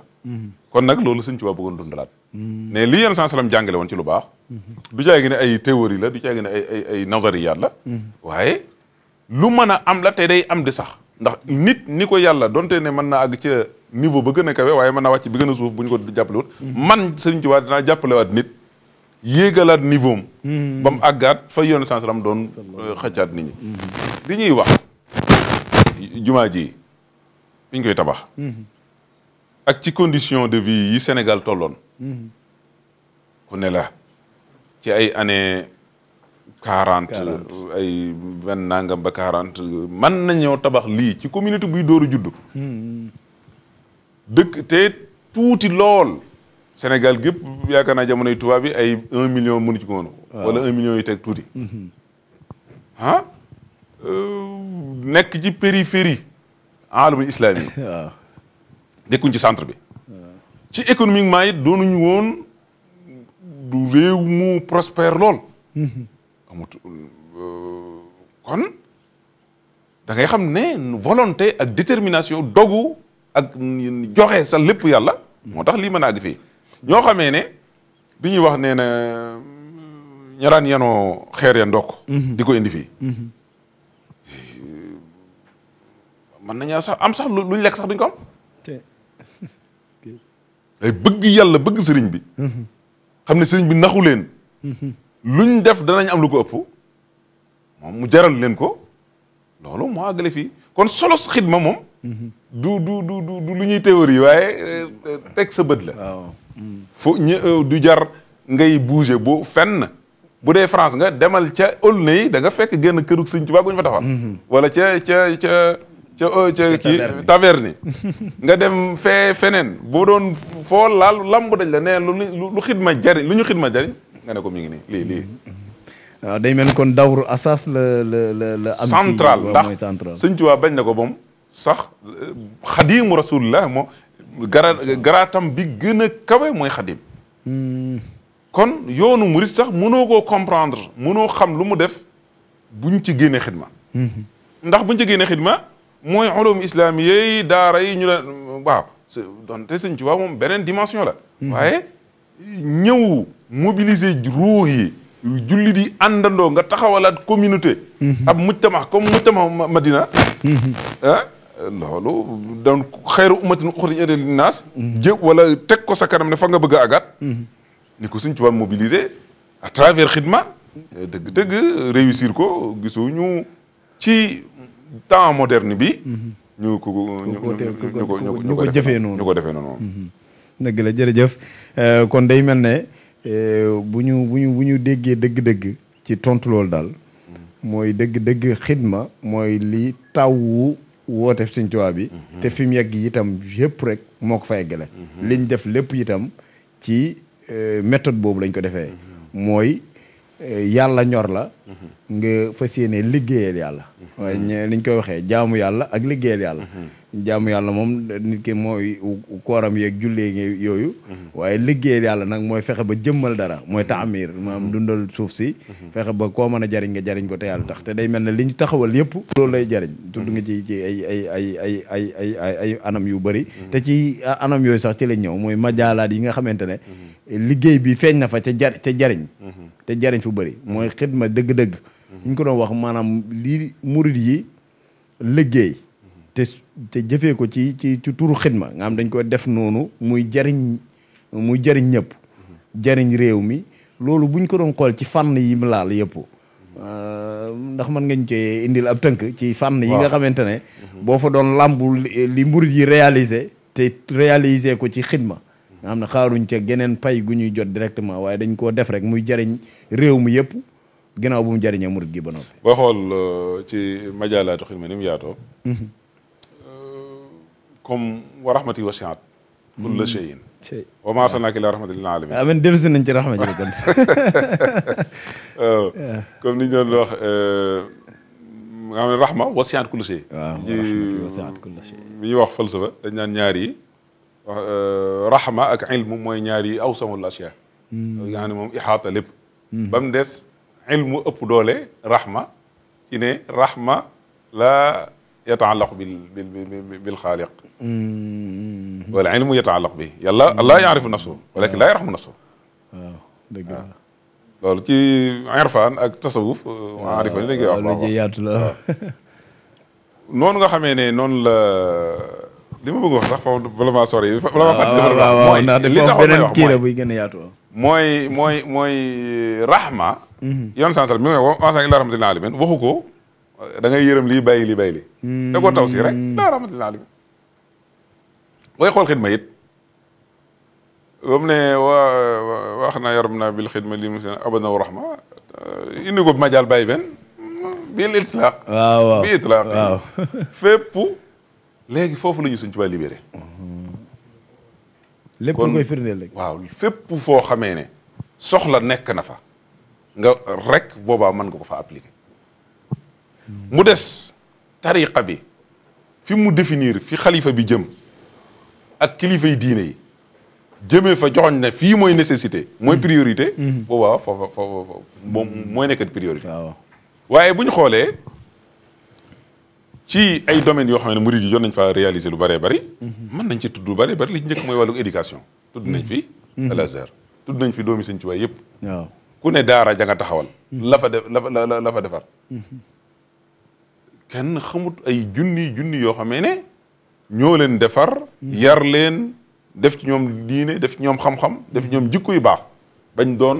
kon nag loolu sëñ Tuubaa bëggoon dundalaat ne li yenn saa salaam jàngale woon ci lu baax du jaay ne ay théorie la du jaay ne ay ay ay la waaye lu mën a am la te day am di sax ndax nit ni ko yàlla donte ne mën naa àgg ca niveau ba gën a kawe waaye mën naa wàcc bi gën a suuf bu ñu ko jàppalewut man sëriñ Tuubaa dinaa jàppalewaat nit yéegalaat niveau am mm-hmm. ba mu àggaat fa yoon sans salaam doon euh, xëccaat nit ñi di mm-hmm. ñuy wax jumaa ji bi koy tabax mm-hmm. ak ci condition de vie yi Sénégal tolloon ku ne la ci ay année quarante ay benn nangam ba quarante mën ñëw tabax lii ci communauté buy dóoru juddu dëkk te tuuti lool Sénégal gépp yaakaar naa jamonoy tubaab bi ay un million mënu ci ngoonu wala un million yi teg tuuti mhm. ah? euh, nekk ci périphérie alamul islami waaw nekkuñ ci centre bi ci économiquement it doonuñu woon du réew mu prospère lool. amut euh, kon da ngay xam ne volonté ak détermination dogu ak joxe sa lépp yàlla. moo tax lii mën a àgg ñoo xamee ne bi ñuy wax nee na euh, ñaraan yanoo xeer ya ndokk. Mhm. di ko indi fii. Mhm. mën nañu sax am sax luñ lekk sax duñ ko day bëgg yàlla bëgg sëriñ bi mhm. xam ne sëriñ bi naxu leen mhm. luñ def danañ am lu ko ëpp moom mu jaral leen ko loolu moo àggale fii kon solos xidma moom mhm. du du du du lu ñuy théorie waaye euh, teg sa bët la fo ñë euh, du jar ngay bouger bo fenn bu dee France nga demal ca aulne yi danga fekk génn kërug sëriñ Tuubaa gu ñu fa taxawal wala ca ca Oh, ca kii taverne nga dem feneen boo doon foo laal lamb dañ la nee lu lu xidma jariñ lu ñu xidma jariñ nga ne ko mi ngi nii lii lii mm-hmm. ah, day mel kon dawru asas la la la la am central ndax sëñ Tuubaa bañ ne ko moom sax euh, xadiimu rasulillah moom gara garaatam bi gën a mooy xadim mm-hmm. kon yoonu murit sax mënoo koo comprendre mënoo xam lu mu def buñ ci génnee xidma mm-hmm. ndax bu ci génnee xidma mooy ulum islamiya yi daara yi ñu leen waaw donte sëñ moom beneen dimension la hmm. waaye ñëw mobiliser ruux julli di àndandoo nga taxawalaat communauté hmm. ab mujtama comme mujtama madina hmm. ah loolu doon xayru ummatin uxrijat linnaas jë wala teg ko sa kanam ne fa nga bëgg a ni ko sëñ Tuubaa mobiliser à travers xidma eh, dëgg-dëgg réussir ko gisuñu ci temps moderne bi. Mhm. ñu ko ñu ñu ko jëfee noonu ñu ko defee noonu. Mhm. dëgg la jërëjëf euh, kon day mel ne euh, bu ñu bu ñu bu ñu déggee dëgg-dëgg ci tontu loolu daal mooy dëgg-dëgg xidma mooy li taw tawu woote Sëñ Tuubaa bi. Mhm. te fi mu yegg itam yëpp rek moo ko fa eggale. liñ def lépp itam ci euh, méthode boobu lañ ko defee. mooy Eh, yàlla ñor la mm-hmm. nga fas yéene liggéeyal yàlla li mm-hmm. ñu koy waxee jaamu yàlla ak liggéeyal yàlla mm-hmm. jaamu yàlla moom nit ki mooy kooram yeeg jullee ngi yooyu waaye liggéeyal yàlla nag mooy fexe ba jëmmal dara mooy taamir maanaam dundal suuf si fexe ba koo mën a jariñ nga jariñ ko te yàlla tax te day mel ne li ñu taxawal yëpp loolu lay jariñ tudd nga ci ci ay ay ay ay ay ay ay ay anam yu bëri te ci anam yooyu sax ci lañ ñëw mooy majaalaat yi nga xamante ne liggéey bi feeñ na fa ca jar te jariñ fu bëri mooy xidma dëgg-dëgg ñu ko doon wax maanaam lii murid yi liggéey te te jëfee ko ci ci ci turu xidma nga xam dañ koy def noonu muy jariñ muy jariñ ñëpp jariñ réew mi loolu buñ ko doon xool ci fànn yi mu laal yëpp euh, ndax mën ngañ cee indil ab tënk ci fànn yi nga xamante ne mhm. boo fa doon làmb li murid yi réalisé te réalisé ko ci xidma nga xam ne xaaruñ ca geneen pay gu ñuy jot directement waaye dañ koo def rek muy jariñ réew mi yëpp ginnaaw bu mu jariñee murit gi ba noppi boo xool euh, ci majaalaatu xidma ni mu mhm. euh, comme wa rahmati wasiat kulla mhm. shay'in wa ma arsalnaaka illaa ah, dellu si nañ ci rahma ji kon waaw comme ni ñu doon wax euh, nga xam ne rahma wasiat kulla shay waaw wasiat wax falsafa dañ naan ñaar yi Euh, rahma ak ilmu mooy ñaari awsamul asiya yaani hmm. moom ixaata lépp hmm. ba mu des ilmu ëpp doole rahma ci ne rahma la yataallaqu bil bil bil xaaliq hmm. wal ilmu yataallaq bi yàlla allah yaarifu nafsu walakin laa yarhamu nafsu waaw dëgg la loolu ci irfaan ak tasawuf euh, maarifa ni dañ koy wax yaatu la noonu nga xamee ne noonu la li ma bëgg sax foofu bala maa sori bala maa wax mooy li taxaw beneen kii la buy gën a yaatu mooy mooy mooy euh, rahma mhm. yoon mi wax ko da ngay yërëm lii bàyyi lii bàyyi lii da koo taw si rek mhm. xool xidma ba mu ne wax na yaram na bil li mu abadna wa rahma euh, indi ko bi ma jaal bi itlaq fépp léegi foofu la ñu Sëñ Tuubaa libéré. Mm-hmm. lépp lu koy firndeel rek waaw fépp foo xamee ne soxla nekk na fa nga rekk boobaa mën nga ko fa appliquer. Mm-hmm. mu des tariqa bi fi mu définir fi xalifa bi jëm ak kilifa yi diine yi jëmee fa joxoñ ne fii mooy nécessité mooy mm-hmm. priorité boobaa foofa foofa moom mooy nekkat priorité waaye bu xoolee ci ay domaines yoo xam ne murid yi yoon nañ fa réaliser lu bëree bari man nañ ci tudd lu bëree bëri li ci njëkk mooy wàllu éducation tudd nañ fi mhm. la Azhar tudd nañ fi doomi sëñ ci waay yëpp ku ne daara janga nga taxawal mhm. la fa def la la fa defar mhm. kenn xamut ay junni junni yoo xamee ne ñoo leen defar yar leen def ci ñoom diine def ci ñoom xam-xam def ci ñoom jikko yu baax bañ doon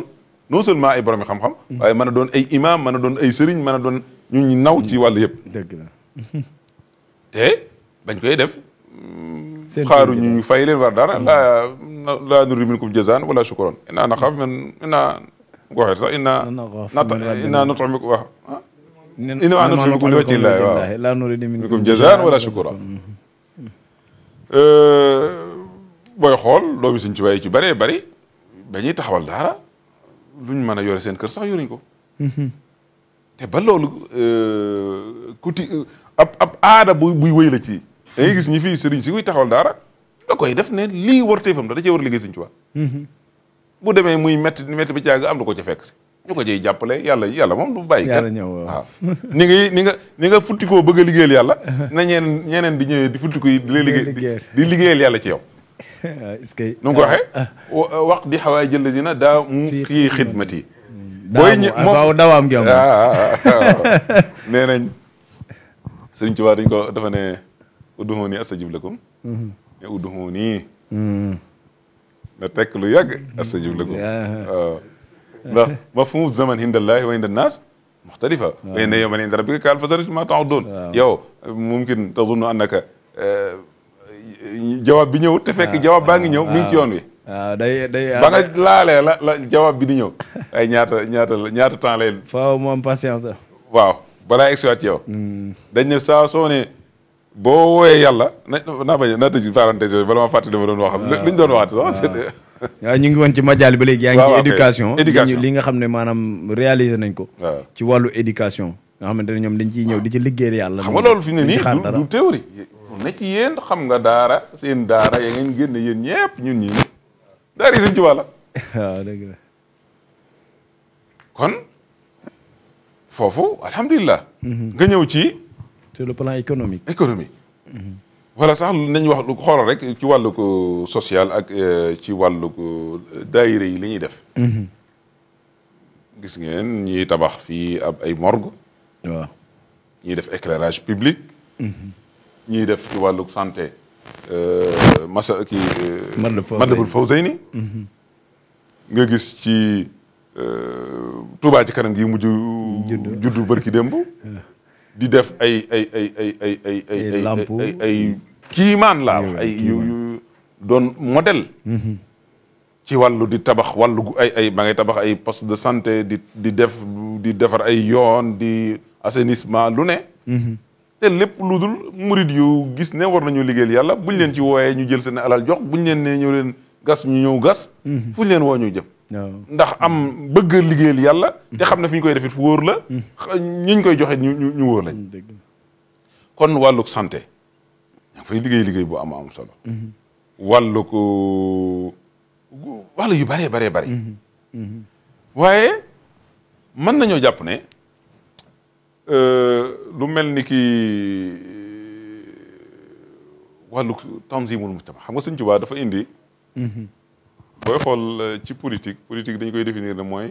non seulement ay borom yi xam-xam waaye mën a doon ay imaam mën a doon ay sëriñ mën a doon ñu ñu naw ci wàll yëpp dëgg la te bañ koy def. xaaru ñu fay leen war dara. Mm. laa laa nuriidu minkum jazaan wala shukran. innaa naxaaf min innaa goxee sax innaa. innaa nut'imukum waaw. Ah? innaa nut'imukum li wajhi llaahi waaw. laa nuriidu minkum jazaan wala shukran. Mm-hmm. booy xool doomi Sëñ ci yi ci bëree bari ba taxawal daara luñ mën a yore seen kër sax yoruñ ko. Mm-hmm. te ba kuti ab ab aada bu buy wëy la ci da ngay gis ñi fii sëriñ si kuy taxawal daara da koy def ne lii war téefam la da cee war liggéey sëriñ Tuubaa mhm. bu demee muy metti metti ba caaga am lu ko ci fekk si ñu ko ciy jàppale yàlla yàlla moom du bàyyi kenn waaw ni ngay ni nga ni nga futtikoo bëgg a liggéeyal yàlla na ñeen ñeneen di ñëwee di futtiku yi di la liggéey di ci yow est-ce que nu ko waxee ah, ah. wax di xawaay jël dina daa mu fii xidmat yi booy ñëw moom daawaam am sëriñ Tuubaa dañ ko dafa ne udduhuni astajib lakum mhm. ne udduhuni mhm. na tekk lu yàgg astajib lakum waaw ndax mafhumu zaman indallahi wa inda nnaas wa inna yawman inda rabbika ka alfi sanatin mimma ta'udduun yow eh, bi ñëw te fekk jawaab baa ngi ñëw mi ci yoon wi waaw day day ba la la bi di ñëw ay ñaata ñaata ñaata temps lay waaw balaa egsiwaat ci yow. dañ ne saa soo ne boo wooyee yàlla na naa bañ a naa tëj parenthèse yooyu bala ma fàttali ma doon wax. waaw li ñu doon waxaat sax. ngi woon ci majaal ba léegi. yaa ngi ci éducation li nga xam ne maanaam réaliser nañ ko. ci wàllu éducation. nga xamante ne ñoom dañ ciy ñëw di ci liggéeyal yàlla. xam nga loolu fi mu ne nii du théorie. ne ci yéen xam nga daara seen daara ya ngeen génne yéen ñëpp ñun ñii daara yi sëñ Tuubaa foofu alhamdulilah. nga ñëw ci. sur le plan économique. économique. Mhm. wala sax nañ wax lu xoolal rek ci wàllu euh, social ak euh, ci wàllu euh, daayira yi li ñuy def. Mhm. gis ngeen ñiy tabax fii ab ay morgue. waaw def éclairage public. Mhm. ñiy def ci wàllu santé. masa kii. Matlaboul Fawzayni nga gis ci. Euh, Touba ci kanam gi mujj juddu bërki démb di def ay ay ay ay ay ay ay ay ay kiimaan laa ay yu yu doon modèle mhm. ci wàllu di tabax wàllu ay ay ba tabax ay poste de santé di di def di defar ay yoon di assainissement lu ne mhm. te lépp lu dul murid yu gis ne war nañu liggéeyal yàlla buñ leen ci wooyee ñu jël seen alal jox buñ leen ne ñëw leen gas ñu ñëw gas mhm. fuñ leen woo ñu jëm ndax am bëgg liggéeyal yàlla te xam ne fi koy defit fu wóor la ñiñ koy joxe ñu ñu wóor lañ mm, kon wàlluk santé ña fay liggéey liggéey boo am am solo wàllu ko wàllu yu bëree baree mm-hmm. Mm-hmm. waaye mën nañoo jàpp ne euh, lu mel ni ki wàllu tanzimul mujtama xam nga sëñ Tuubaa dafa indi mm-hmm. booy xool euh, ci politique politique dañ koy définir ne mooy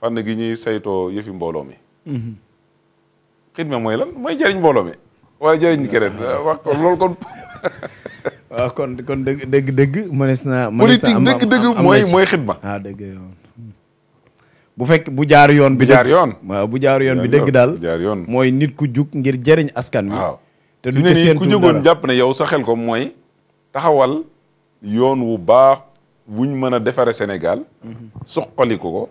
fànn gi ñuy sayto yëfi mbooloo mi. Mhm. xidma mooy lan mooy jëriñ mbooloo mi. wala jëriñ keneen euh, wax kon. waaw kon kon dëgg dëgg dëgg mënees na. mënees mooy mooy xidma. ah hmm. bu fekk bu jaar yoon. bi jaar yoon bu jaar yoon bi dëgg daal. jaar yoon mooy nit ku jug ngir jëriñ askan wi. waaw te du ci seen ku jógoon jàpp ne yow sax xel ko mooy taxawal. yoon wu baax wuñ mën a defare Sénégal suqali ko ko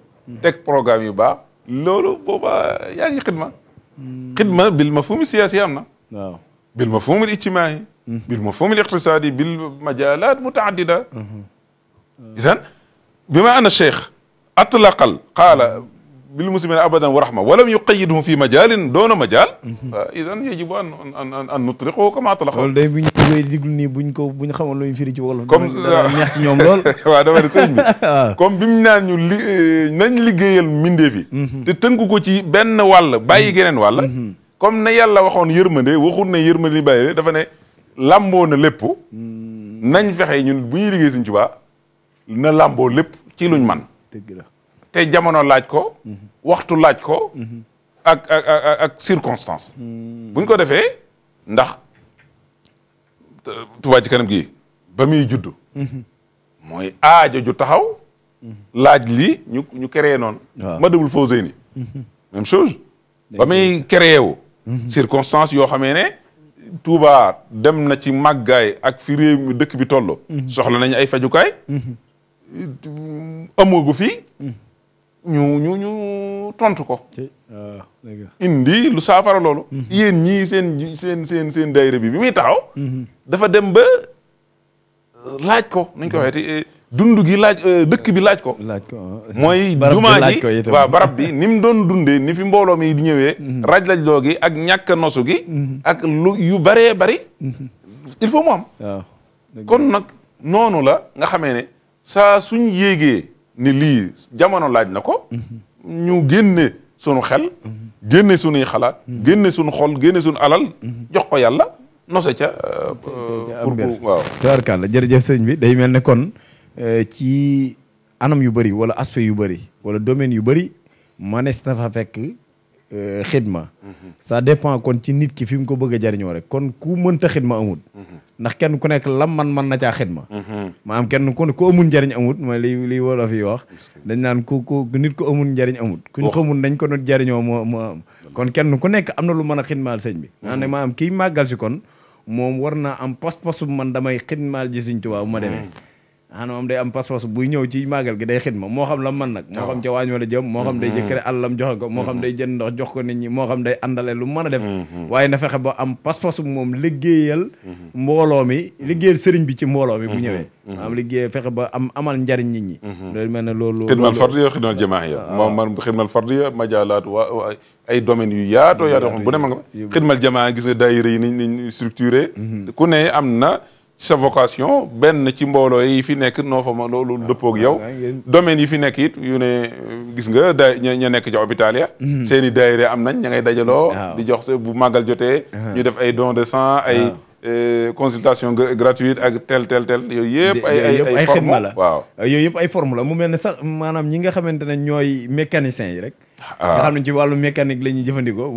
teg programme yu baax loolu booba yaa ngi xidma xidma bil mafhumi siyaasi am na waaw bil mafhumi ijtimaahi bil mafhumi iqtisaadi bil majalaat mutaaddida mhm. isan bi ma ana cheikh atlaqal qaala bil muslimina abadan wa rahma walam yuqayidhum fi majalin doona majal mhm. idan yajibu an an an nutriqoo kama atlaqa day buñ nii buñ ko buñ xamoon luñ firi ci wolof comme neex ci ñoom lool waaw dama ne sëñ bi comme bi mu naan ñu li euh, nañ liggéeyal mbindeef yi mhm. te tënku ko ci benn walla bàyyi mhm. geneen wàll comme na yàlla waxoon yërmande waxul ne yërmande ni bàyyi dafa ne làmboo na lépp nañ fexe ñun bu ñuy liggéey Sëñ Tuubaa na làmboo lépp ci luñ man dëgg la te jamono laaj ko. Mhm. waxtu laaj ko. Mhm. ak ak ak ak circonstance. Hmm. bu ko defee ndax Touba ci kanam gii ba muy juddu. Mhm. mooy aajo ju taxaw. laaj lii ñu ñu créé noonu. waaw Madabul Fawzeyni ba muy créé wu. circonstance yoo xamee ne. Touba dem na ci màggaay ak fi réew dëkk bi toll. soxla nañu ay fajukaay. amoo gu fii. ñu ñu ñu tontu ko. Euh, indi lu saafara loolu. Mhm. yéen ñii seen seen seen seen daayira bi bi muy taxaw. Mhm. dafa dem ba euh, laaj ko nañ ko waxeeti mhm. dund gi laaj euh, dëkk bi laaj ko. laaj ah. mooy. jumaa ji waaw barab bi ni mu doon dundee ni fi mbooloo mi di ñëwee. raj laj loo gi ak ñàkk nosu gi. ak lu yu baree bari. il faut mu am. kon nag noonu la nga xamee ne saa suñ yéegee. ni lii jamono laaj na ko ñu génne sunu xel génne sunuy xalaat génne sunu xol génne sunu alal jox ko yàlla nose ca euh, pour waaw tabarkàlla jërëjëf sëñ bi day mel ni kon euh, ci anam yu bari wala aspect yu bari wala domaine yu bari manees na fa fekk Euh, xidma ça dépend kon ci nit ki fi mu ko bëgg jariñoo rek kon ku mënta xidma amut ndax kenn ku nekk lam man man na caa xidma maanaam kenn ku ne ku amul njariñ amut mooy li li wolof yi wax dañ naan ku ku nit ku amul njariñ amut kuñ xamul dañ ko doon jariñoo moo kon kenn ku nekk am na lu mën a xidmaal sëñ bi nga xam ne maanaam màggal si kon moom war naa am pas-pasu man damay xidmaal ji Sëñ Tuubaa ma demee maanaam moom day am pas-pas buy ñëw ci màggal gi day xidma moo xam la man nag moo xam ca waañ jëm moo xam day mm-hmm. jëkkëre àllam ko moo xam mm-hmm. day jënd ndox jox ko nit ñi moo xam a def mm-hmm. waaye na fexe ba am pas-pasu moom liggéeyal mbooloo mi liggéeyal sëriñ bi ci mbooloo mi bu ñëwee maanaam liggéey fexe ba am amal njariñ nit ñi loolu mel ne loolu xidmal fard yo xidmal jamaa yo ay domaines yu yaatoo yaatoo xam bu ne ma nga xidmal jamaa gis nga daayira yi ni ni structuré ku ne am na sa vocation benn ci mbooloo yi fi nekk noo fa ma loolu dëppoog yow ah, domaine yi fi nekk yit yu ne gis nga da ña nekk ca hôpital ya hmm. seen i am nañ ña ngay dajaloo ah, di jox sa bu màggal jotee ah. ñu def ay don de sang ay eh, consultation gratuite ak tel tel tel yooyu yëpp ay ay yooyu yëpp ay forme la mu mel ne sax maanaam ñi nga xamante ne ñooy mécaniciens yi rek Ah. nga xam ne ci wàllu mécanique la ñuy jëfandikoo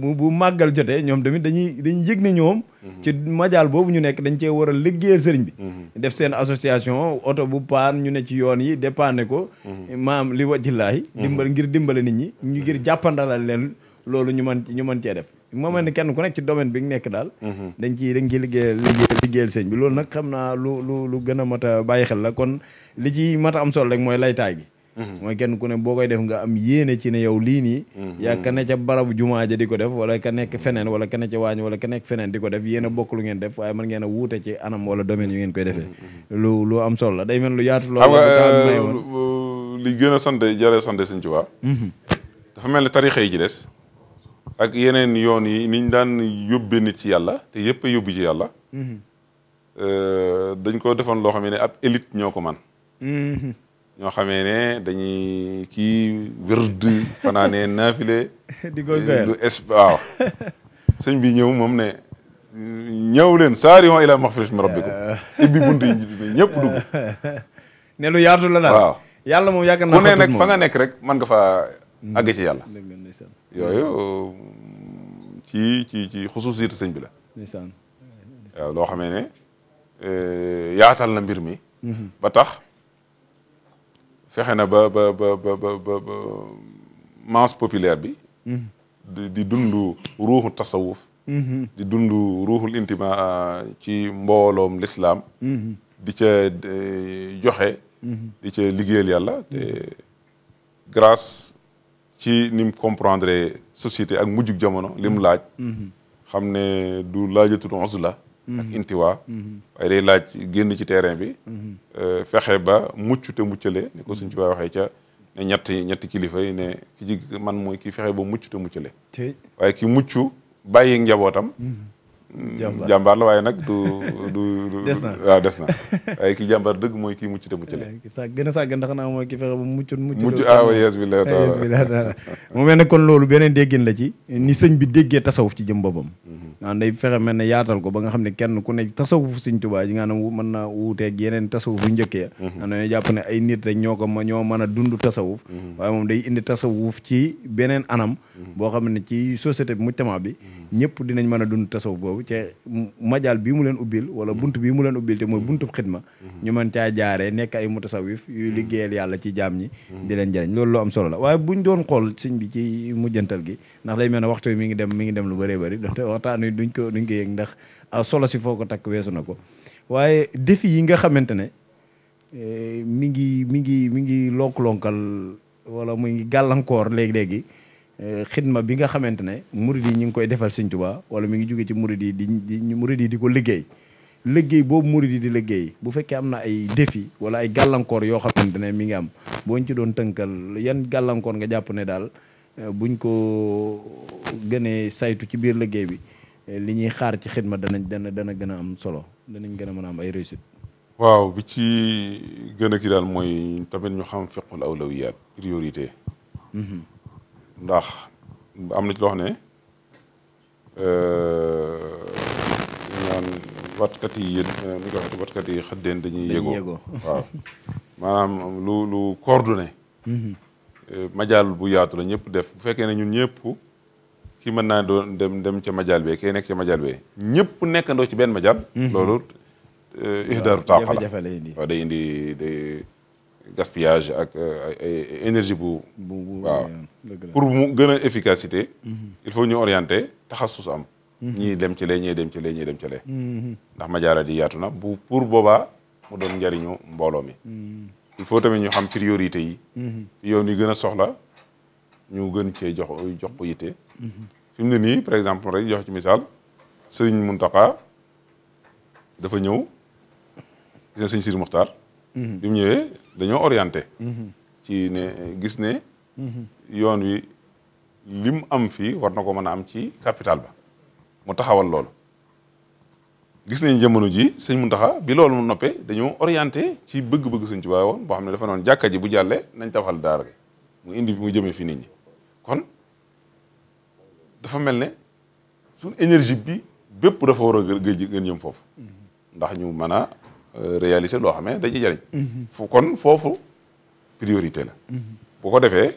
bu bu màggal jotee ñoom tamit dañuy dañuy yëg ne ñoom mhm. ci majaal boobu ñu nekk dañ cee war a liggéeyal sëriñ bi mhm. def seen association oto bu paan ñu ne ci yoon yi dépanne ko mhm. maam li wajillaahi dimbal ngir dimbale nit ñi ñu ngir jàppandalal leen loolu ñu mën ñu mën cee def moo mel ni kenn ku nekk ci domaine bi nga nekk daal dañ ciy dañ ciy liggéeyal liggéeyal sëriñ bi loolu nag xam naa lu lu lu gën a mat a bàyyi xel la kon li ci mat a am solo rek mooy laytaay gi Mhm. mooy kenn ku ne boo koy def nga am yéene ci ne yow lii nii mhm. yaa ka ne ca barabu jumaa ja di ko def wala ka nekk feneen wala ka ne ca waañ nekk feneen di ko def yéen bokk lu ngeen def waaye mën ngeen a wuute mhm, solo la day mel lu yaatu euh, li gën a sant jëree sant Sëñ Tuubaa dafa mel ni tarixa yi ci des ak yeneen yoon yi niñ daan yóbbee nit ci yàlla te yëpp a yóbbu ci yàlla euh, dañ ko defoon loo xam ne ab élite ñoo ko man ñoo xamee ne dañuy kii wërd fanaanee naafile di lu es waaw sëñ bi ñëw moom ne ñëw leen saariyon ila maxfirat min rabbikum ibbi bunt yi ñëpp dugg ne lu yaatu la daal waaw yàlla moom yaakaar naa ku ne nag fa nga nekk rek mën nga faa mm. àgg ci yàlla yooyu ci ci ci xusuusiyat sëñ bi la waaw loo xamee ne eh, yaatal na mbir mi mm-hmm. ba fexe na ba ba ba ba ba ba populaire bi. Mm-hmm. di dund ruuxu tasawuf. Mm-hmm. di dund ruuxul intima ah, ci mbooloom lislaam mm-hmm. di ca joxe. di ca liggéeyal yàlla te grâce ci ni mu comprendre société ak mujjug jamono li mu laaj. xam ne du laajatul uzla ak mhm. intiwaa mhm. waaye day laaj génn ci terrain bi mhm. euh, fexe ba mucc te muccale ni ko suñ ci waxee ca ne ñetti ñetti kilifa yi ne ki ci man mooy ki fexe ba mucc te muccale waaye ki mucc bàyyi njabootam jàmbaar la waaye nag du du des na waaw des na waaye kii jàmbaar dëgg mooy kii mucc te mucc le sa gën a sàggan ndax naa mooy ki fexe ba mucc mucc ah, mucc awa yes bi la yes bi la mu mel ne kon loolu beneen déggin la ci ni sëñ bi déggee tasawuf ci jëm boppam mhm. waaw day fexe mel ne yaatal ko ba nga xam ne kenn ku ne tasawuf sëñ Tuubaa ji nga xam ne mën naa wuuteeg yeneen tasawuf yu njëkk ya am mhm. na jàpp ne ay nit rek ñoo ko ñoo mën a dund tasawuf mhm. waaye moom day indi tasawuf ci beneen anam boo xam ne ci société bi mujtama bi ñëpp dinañ mën a dund tasawuf boobu ci majaal bii mu leen ubbil wala bunt bii mu leen ubbil te mooy buntu buntub xidma ñu mën caa jaaree nekk ay mutasawif yuy liggéeyal yàlla ci jaam ñi di leen jëriñ loolu loo am solo la waaye buñ doon xool sëñ bi ci mujjantal gi ndax lay mel ne waxtu mi ngi dem mi ngi dem lu bëree bëri donte waxtaan wi duñ ko duñ ko yëg solo si foo ko takk weesu na ko waaye défi yi nga xamante ne eh, mi ngi mi ngi mi ngi lonk-lonkal wala mu ngi gàllankoor léegi-léegi xidma bi nga xamante ne murid yi ñu ngi koy defal Sëñ Tuubaa wala mi ngi jóge ci murid yi di di murid yi di ko liggéey liggéey boobu murid yi di liggéey bu fekkee am na ay défi wala ay gàllankoor yoo xamante ne mi ngi am boo ñu ci doon tënkal yan gàllankoor nga jàpp ne daal eh, buñ ko gënee saytu ci biir liggéey bi eh, li ñuy xaar ci xidma dana dana dana gën a am solo danañ gën a mën a am ay réussite. waaw bi ci gën a kii daal mooy tamit ñu xam fiqul awlawiyaat priorité. Mhm. ndax am na ci loo ne naan euh, watkat yi yéen euh, watkat yi xëddeen dañuy yëgoo waaw maanaam lu lu coordonné mm-hmm. euh, majaal bu yaatu la ñëpp def bu fekkee ne ñun ñëpp ki mën naa doon dem dem ca majaal bee kii nekk ca majaal bee ñëpp nekkandoo ci benn majaal mm-hmm. loolu ihdaaru taaqa la day indi gaspillage ak euh, énergie bu. bu waaw pour mu gën a efficacité. Mhm. il faut ñu orienté taxasus am. Mhm. ñii dem ci lee ñii dem ci lee ñii dem ci mhm. ndax ma jaara di yaatu na bu pour boobaa mu doon njariñu mbooloo mi. il faut tamit ñu xam priorité yi. yow ni gën a soxla ñu gën cee jox jox ko yitte. fi mu ne nii par exemple rek jox ci misaal Serigne Mountakha dafa ñëw gis na Serigne Sidi ñëwee. dañoo orienté mhm. ci ne gis ne yoon wi lim am fii war na ko mën a am ci capital ba mu taxawal lool gis nañ jamono ji sëñ Muntaxa bi loolu noppee dañoo orienté ci bëgg-bëgg sëñ Tuubaa woon boo xam ne dafa noonu jàkka ji bu jàllee nañ tabaxal daara gi mu indi mu jëmee fi nit kon dafa mel ne suñ énergie bi bépp dafa war a gën jëm foofu mhm. ndax ñu mën a Euh, réaliser loo xamee dañuy jëriñ. Mhm. fu kon foofu priorité la. Mhm. bu ko defee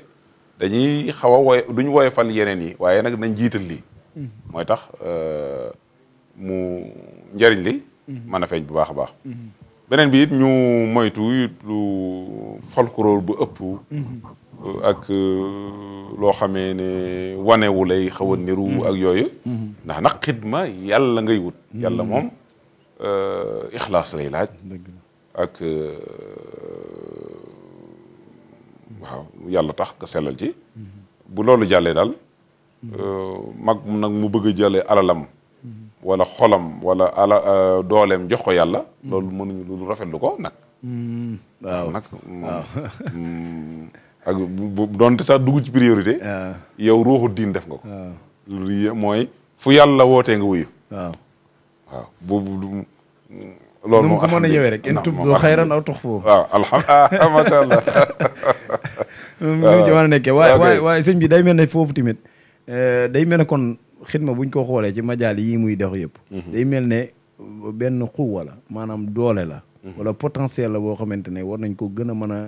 dañuy xaw a woy duñ woyofal yeneen yi waaye nag nañ jiital lii. Mhm. mooy tax euh, mu njëriñ li. mën feeñ bu baax a baax. beneen bi ñu moytu lu folklore bu ëpp. Euh, ak loo xamee ne wanewu lay xaw a niru ak yooyu. ndax nag xidma yàlla ngay wut. yàlla moom Euh, ixlaas lay laaj. ak euh, waaw yàlla tax nga sellal ci. Mhm. bu loolu jàllee daal. Mhm. Euh, mag nag mu bëgg a jëlee alalam. Mhm. walla xolam wala ala dooleem jox ko yàlla. loolu mënuñu lu rafetlu ko nag. waaw nag mm, waaw. Mm, ak bu donte sax dugg ci priorité. yow ruuxu diin def nga ko. mooy fu yàlla wootee nga wuyu. waaw boobu lu loolu moom ko mën a ñëwee rek in tubdu xayran aw tuxfu waaw alhamdulilah macha allah mu ci waaye waaye waaye sëñ bi day mel ne foofu tamit eh, day mel ne kon xidma buñ ko xoolee ci majaal yii muy dox yëpp mhm. day mel ne benn xuwa la maanaam doole la mhm. wala potentiel la boo xamante ne war nañ koo gën a mën a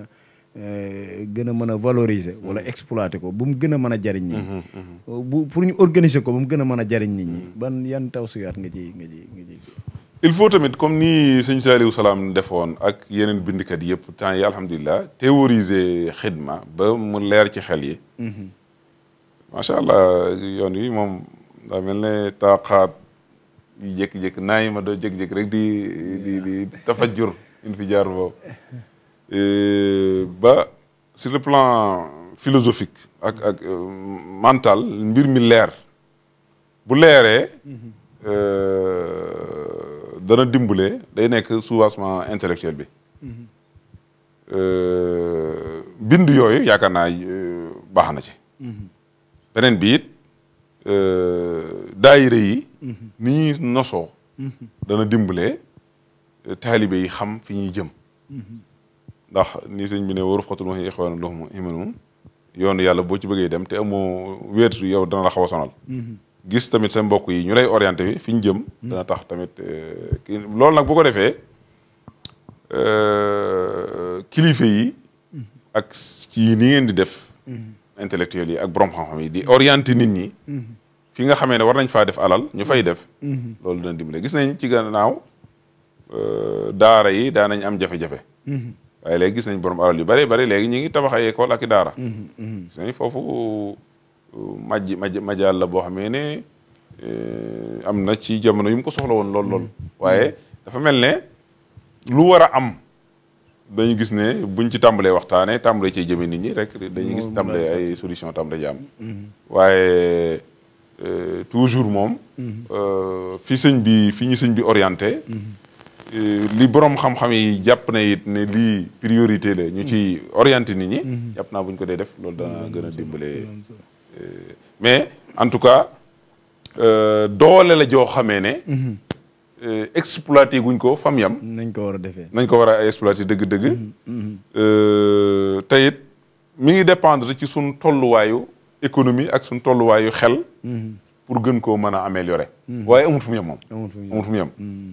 Euh, gën a mën a valoriser wala mm-hmm. exploiter ko bu mu gën a mën a jariñ nit ñi mm-hmm, mm-hmm. bu pour ñu organiser ko bu mu gën a mën a jariñ nit ñi ban yan taw suyaat nga ci nga ci nga il faut tamit comme ni sëñ Saliou Salaam defoon ak yeneen bindkat yëpp temps yi alhamdulilah théoriser xidma ba mu leer ci xel yi macha allah yoon wi moom daa mel ne taaxaat yu jékki-jékki naay ma doo jékki-jékki rek di di di tafajur infijaaru boobu ba sur le plan philosophique ak ak euh, mental mbir mi leer bu leeree mhm. euh, dana dimbale day nekk soubassement intellectuel bi mhm. euh, bind yooyu yaakaar naa baax na ci mhm. beneen bi it yi ni ñuy nosoo dana dimbale taalibe yi xam fi ñuy jëm ndax nii sëñ bi ne waru xatul ma ixwaanu lahum himanum yoon yàlla boo ci bëggee dem te amoo wéetu yow dana la xaw a sonal mhm. gis tamit sa mbokk yi ñu lay orienté bi fi ñu jëm mhm. dana tax tamit euh, loolu nag bu ko defee euh, kilifa yi mhm. ak ci ni ngeen di def intellectuels yi ak borom xam-xam yi di orienté nit ñi fi nga xamee ne war nañ faa def alal ñu fay def loolu dana dimbale gis nañ ci gannaaw euh, daara yi daa daanañ am jafe-jafe waaye léegi gis nañ borom alal yu bari bari léegi ñu ngi tabax ay école ak daara mhm, mhm. gis nañ foofu euh, majj maj majaal la boo xamee ne euh, am na ci jamono yu ko soxla woon lool lool mhm, waaye dafa mel ne lu war a am dañu gis ne buñ ci tàmbalee waxtaane tàmbalee ci jëme nit ñi rek dañuy gis tàmbalee ay solution tàmbalee ci am waaye euh, toujours moom fi sëñ bi fi ñu sëñ bi orienté Euh, li boroom xam-xam yi jàpp na it ne lii priorité le ñu ci orienté nit ñi. Mm-hmm. Mm-hmm. jàpp naa bu ko dee def loolu dana mm-hmm. gën a dimbale. Euh, mais en tout cas euh, doole la joo xamee ne. exploité guñ ko fam yam. nañ ko war a defee nañ ko war a exploité dëgg-dëgg. te it mi ngi dépendre ci suñ tolluwaayu économie ak suñ tolluwaayu xel. pour gën koo mën a améliorer. waaye amut fu mu yem moom. amut fu mu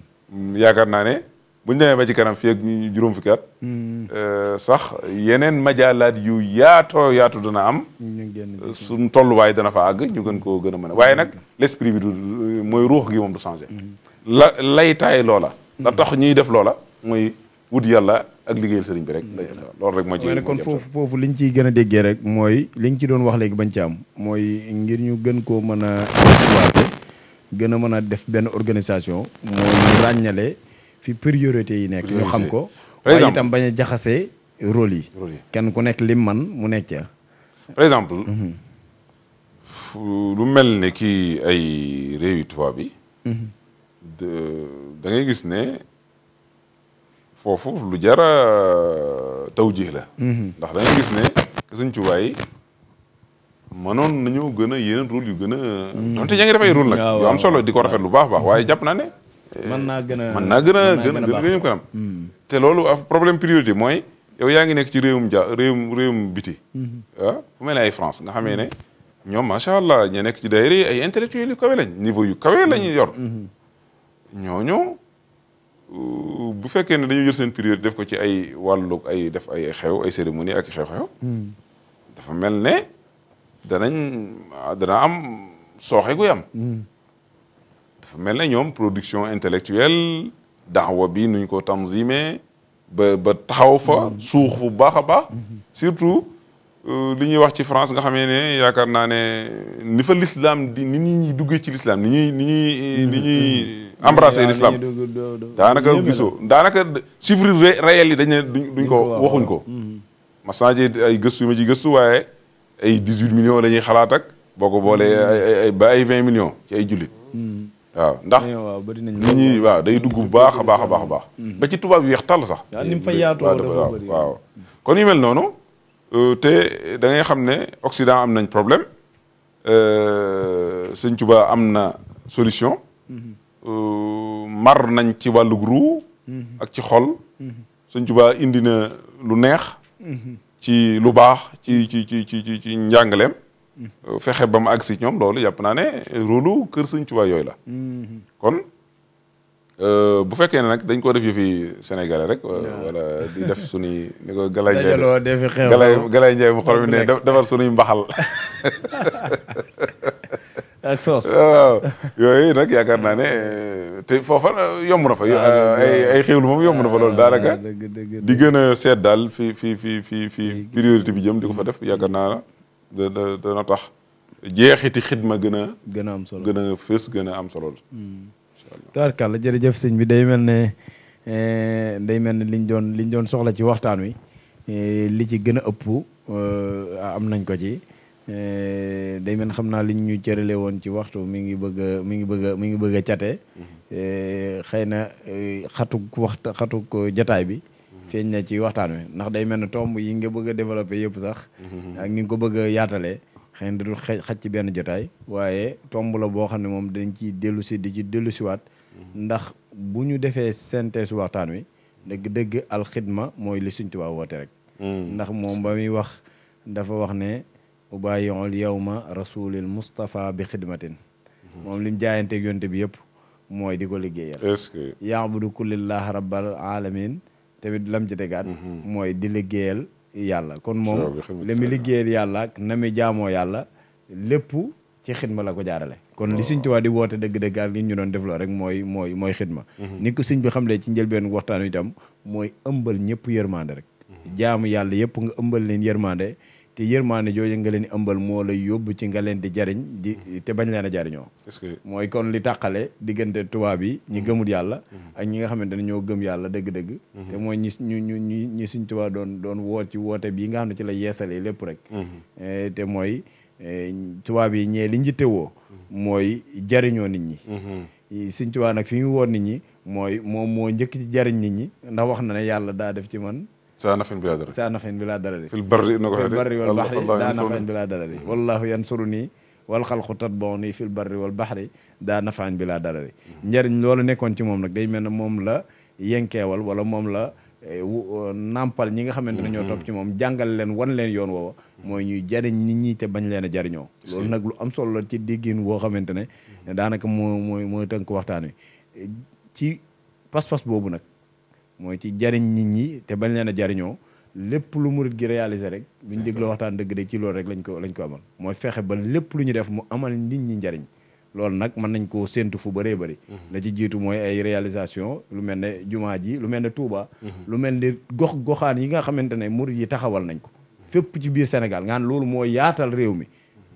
yaakaar naa ne bu ñu demee ba ci kanam fii ak ñu juróom fukki at hmm. euh, sax yeneen majaalaat yu yaatoo yaatu dana am suñ tolluwaay dana fa àgg ñu gën koo gën a mën a waaye nag l'esprit bi du mooy ruux gi moom du changé hmm. la lay taay loola hmm. la tax ñuy def loola mooy wut yàlla ak liggéeyal sëriñ bi rek loolu rek moo ci kon foofu foofu liñ ciy gën a déggee rek mooy liñ ci doon wax léegi bañ ci am mooy ngir ñu gën koo mën a gën a mën a def benn organisation. moo ràññale fi priorité yi nekk. ñu xam ko. par exemple waaye itam bañ a jaxasee rôle yi. kenn ku nekk lim man mu nekk ca. par exemple. Mhm. lu mel ne kii ay réewi tubaab bi. Mhm. da ngay gis ne foofu lu jara taw ji la. Mhm. ndax da gis ne suñ tubaab mënoon nañu gën a yeneen rôle yu gën a. Mm-hmm. donte yaa ngi nag. Mm-hmm. yu am solo di ko rafet lu baax baax waaye jàpp naa ne. Mm-hmm. mën naa gën a mën naa gën gën a gën a kanam. te loolu problème priorité mooy yow yaa ngi nekk ci réewum ja réewum réewum biti. ah fu mel ne ay France nga xamee ne ñoom macha allah ña nekk ci daayira yi ay intellectuels yu kawe lañ niveau yu kawe lañuy yor. ñooñu uh, bu fekkee ne dañu jël seen priorité def ko ci ay wàllug ay def ay xew ay cérémonie ak xew-xew. dafa mel ne. danañ dana am sooxe guy am mm. dafa mel ne ñoom production intellectuelle daawa bi nuñ ko tanzime ba ba taxaw fa mm. suux fu baax a baax mm-hmm. surtout euh, li ñuy wax ci France nga xamee ne yaakaar naa ne ni fa l'islam di ni ñuy duggee ci l'islam ni ñuy ni ñuy ni ñuy mm-hmm. embrasser mm-hmm. l'islam daanaka gisoo daanaka chiffre réel yi dañ ne duñ ko waxuñ ko mas ay gëstu yu ma ci gëstu waaye ay dix huit millions la ñuy xalaat ak boo ko boolee ay ba ay vingt millions ci ay jullit. Hmm. waaw ndax eh, nit ñi waaw day dugg bu baax a baax a baax a baax. Hmm. ba ci tubaab yi weex tàll sax. ni mu fa yaatoo dafa bëri waaw kon yu mel noonu. Euh, te da xam ne Occident am nañ problème euh, Sëñ Tuba am na solution. Hmm. Euh, mar nañ ci wàllu ruu. ak ci xol. Sëñ Tuba indi na lu neex. ci lu baax ci ci ci ci ci njàngaleem. Mm-hmm. fexe ba mu àgg si ñoom loolu yàpp naa ne rôlu kër sëñ Tuubaa yooyu la. Mm-hmm. kon euh, bu fekkee ne nag dañ koo def yëfi sénégalais rek. wala di def suñuy ni ko Galaye Ndiaye dajaloo defi xew Galaye Galaye Ndiaye mu xorom ne defar suñuy mbaxal. ak soos waaw yooyu nag yaakaar naa ne te foofa yomb na fa. Ah, ay ay xéwlu moom yomb na fa loolu ah, daanaka. di gën a seet daal fi fi fi fi fi bi jëm di ko fa def yaakaar naa la da da dana tax jeexiti xidma gën a. gën a am solo gën a fës gën a am solo la. Hmm. jërëjëf sëñ bi day mel ne eh, day mel ne liñ doon liñ doon soxla ci waxtaan wi eh, li ci gën a ëpp eh, am nañ ko ci. Eh, day mel xam naa li ñu cërale woon ci waxtu mi ngi bëgg a mi ngi bëgg mi ngi bëgg a cate eh, xëy na eh, xatuk waxtu xatuk jataay bi feeñ na ci waxtaan wi ndax day mel ne tomb yi nga bëgg a développé yëpp sax ak ni nga ko bëgg yaatale yaatalee xëy na du xaj ci benn jotaay waaye tomb la boo xam ne moom dañ ciy dellu si di ci dellu siwaat ndax bu ñu defee synthèse waxtaan wi dëgg-dëgg alxidma mooy li Sëñ Tuubaa woote rek mm. ndax moom ba muy wax dafa wax ne ubaayiul yawma rasulil Moustapha bi xidmatin moom lim jaayanteeg yonte bi yëpp mooy di ko liggéeyal. est-ce que yaabudu kullillah rabbal alamin tamit lam ci mhm. mooy di liggéeyal yàlla kon moom. li mu liggéeyal yàlla ak na mi jaamoo yàlla lépp ci xidma la ko jaarale. kon li Sëñ Tuubaa di woote dëgg-dëgg ak li ñu doon defloo rek mooy mooy mooy xidma. Mhm. ni ko sëñ bi xamlee ci njëlbeen waxtaan wi itam mooy ëmbal ñëpp yërmande rek. Mhm. jaamu yàlla yëpp nga ëmbal leen yërmande. te yërmaane jooju nga leen di ëmbal moo la yóbbu ci nga leen di jariñ di te bañ leen a jariñoo mooy kon li tàqale diggante tubaab yi ñi mm-hmm. gëmul yàlla mm-hmm. ak ñi nga xamante ne ñoo gëm yàlla dëgg-dëgg mm-hmm. te mooy ñi ñu ñu ñu ñi tubaab doon doon woo ci woote bii nga xam ne ci la yeesalee lépp rek eh, te mooy eh, tubaab yi ñee li njitte woo mooy jariñoo nit ñi eh, suñ tubaab nag fi mu woo nit ñi mooy moom moo njëkk ci jariñ nit ñi ndax wax na ne yàlla daa def ci man saa nafin bilaa darari saa nafin bilaa darari fil barri fil barri wal baxri daa nafin bilaa darari wallahu yansuru nii wal xalqu tatboo nii fil barri wal baxri daa nafin bilaa darari njëriñ loolu nekkoon ci moom nag day mel ne moom la yenkeewal wala moom la eh, nampal ñi nga xamante ne ñoo topp ci moom mm-hmm. jàngal leen wan leen yoon woowa mm-hmm. mooy ñuy jariñ nit ñi te bañ leen a jariñoo loolu nag lu am solo ci déggin woo xamante ne mm-hmm. daanaka moo mooy mooy tënk waxtaan wi eh, ci pas-pas boobu nag mooy ci jariñ nit ñi te bañ leena jariñoo lépp lu murit gi réaliser rek bu ñu dégloo waxtaan dëgg de ci loolu rek lañ ko lañ ko amal mooy fexe ba lépp lu ñu def mu amal nit ñi njariñ loolu nag mën nañ koo séntu fu bëree bëri mhm. la ci jiitu mooy ay réalisation lu mel ne jumaa ji lu mel ne Touba mhm. lu mel ne gox goxaan yi nga xamante ne murit yi taxawal nañ ko fépp ci biir Sénégal nga xam loolu moo yaatal réew mi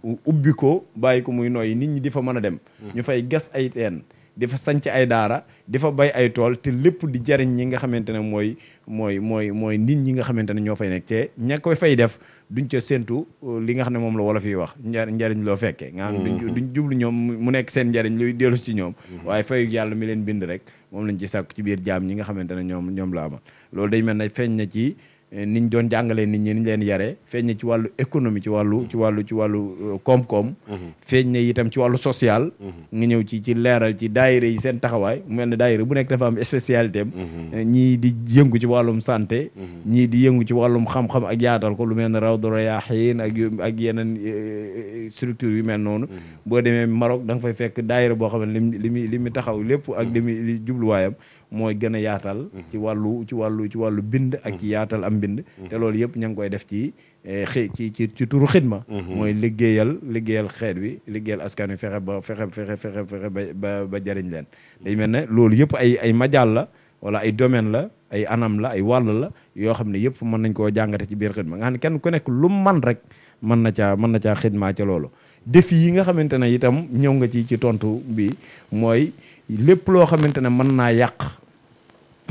mhm. ubbi ko bàyyi ko muy nooyi nit ñi di fa mën a dem ñu fay gas ay teen di fa ay daara di bay ay tool te lépp di jariñ ñi nga xamante ne mooy mooy mooy mooy nit ñi nga xamante ne ñoo fay nekk te ña koy fay def duñ ca séentu uh, li nga xam ne moom la wala fiy wax njariñ loo fekkee nga xam mm-hmm. duñ jublu ñoom mu nekk seen njariñ luy dellu ci ñoom mm-hmm. waaye fayu yàlla mi leen bind rek moom lañ ci sàkk ci biir jaam ñi nga xamante ne ñoom ñoom la amal loolu day mel feeñ na ci Eh, niñ doon jàngalee nit ñi niñ leen yare feeñ ci wàllu économie ci wàllu ci wàllu ci wàllu euh, koom mhm. feeñ na itam ci wàllu social mhm. nga ñëw ci ci leeral ci daayira yi seen taxawaay mu mel ne daayira bu nekk dafa am spécialité mhm. eh, ñii di yëngu ci wàllum santé ñii di yëngu ci wàllum xam-xam ak yaatal ko lu mel ne Rawdu Rayaahiin ak ak yeneen eh, structure yu mel noonu boo demee Maroc da nga fekk daayira boo xam ne li mu li mu taxaw lépp ak li mu jubluwaayam mooy gën a yaatal mhm. ci wàllu ci wàllu ci wàllu bind ak mhm. yaatal am bind mhm. te loolu yëpp ña ngi koy def ci eh, xi ci ci ci turu xidma mooy liggéeyal liggéeyal xeet wi liggéeyal askan wi fexe ba fexe fexe fexe fexe ba ba jariñ leen day mel ne loolu yëpp ay ay majaal la wala ay domaine la ay anam la ay wàll la yoo xam ne yëpp mën nañ koo jàngate ci biir xidma nga xam kenn ku nekk lu man rek mën na caa mën na caa xidmaa ca loolu défi yi nga xamante ne itam ñëw nga ci ci tontu bii mooy lépp loo xamante ne mën naa yàq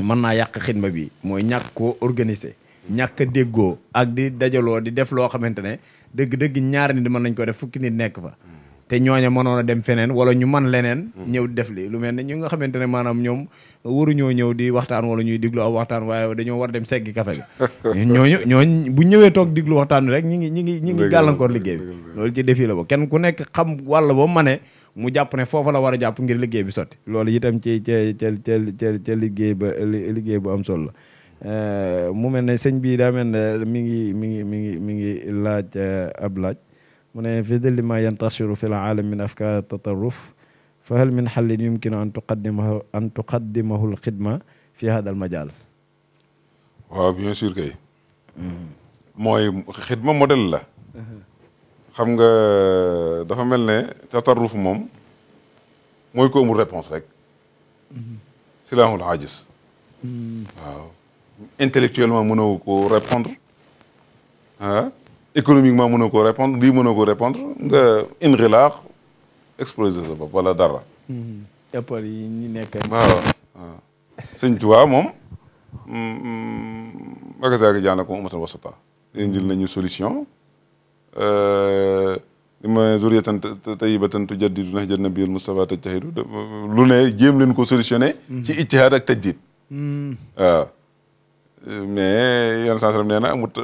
mën naa yàq xidma bi mooy ñàkk koo organiser ñàkk a déggoo ak di dajaloo di def loo xamante ne dëgg-dëgg ñaari nit mën nañ ko def fukki nit nekk fa te ñooña mënoon a dem feneen wala ñu man leneen hmm. ñëw di def li lu mel ne ñu nga xamante ne maanaam ñoom waruñoo ñëw di waxtaan wala ñuy diglu aw waxtaan waaye dañoo war dem seggi kafe bi ñooñu ñooñ bu ñëwee toog diglu waxtaan bi rek ñi ngi ñi ngi gàllankoor liggéey bi loolu ci defi la ba kenn ku nekk xam wàll ba ma mu jàpp ne foofa la war a jàpp ngir liggéey bi sotti loolu itam ci ca ca ca ca liggéey ba liggéey bu am solo la euh, mu mel ne sëñ bi daa mel ne mi ngi mi ngi mi ngi mi ngi laaj euh, ab laaj mu ne fi dilli ma yantasiru fi l aalam min afkaar tatarruf fa hal min xallin yumkinu an tuqaddimahu an tuqaddimahu l xidma fi hada al majal waaw bien sûr kay mooy xidma modèle la xam nga dafa mel ne tatarruf moom mooy ko amul réponse rek mm-hmm. silaahul aajis mm-hmm. waaw intellectuellement mënoo ko répondre ah économiquement mënoo ko répondre lii ko répondre nga inxilaax explosé sa bopp wala dara mm-hmm. jàppal yi ñi nekk waaw waaw sëñ Tuubaa moom bakasaagi mm, mm, jaana ko umatan wasata indil nañu solution ma zuriyatan tayyibatan tujaddidu nahjan nabiyil Mustafa tajtahidu lu ne jéem leen ko solutionné. ci mm-hmm. ijtihaad ak tajdid mm-hmm. waaw mais yenn saa nee na amut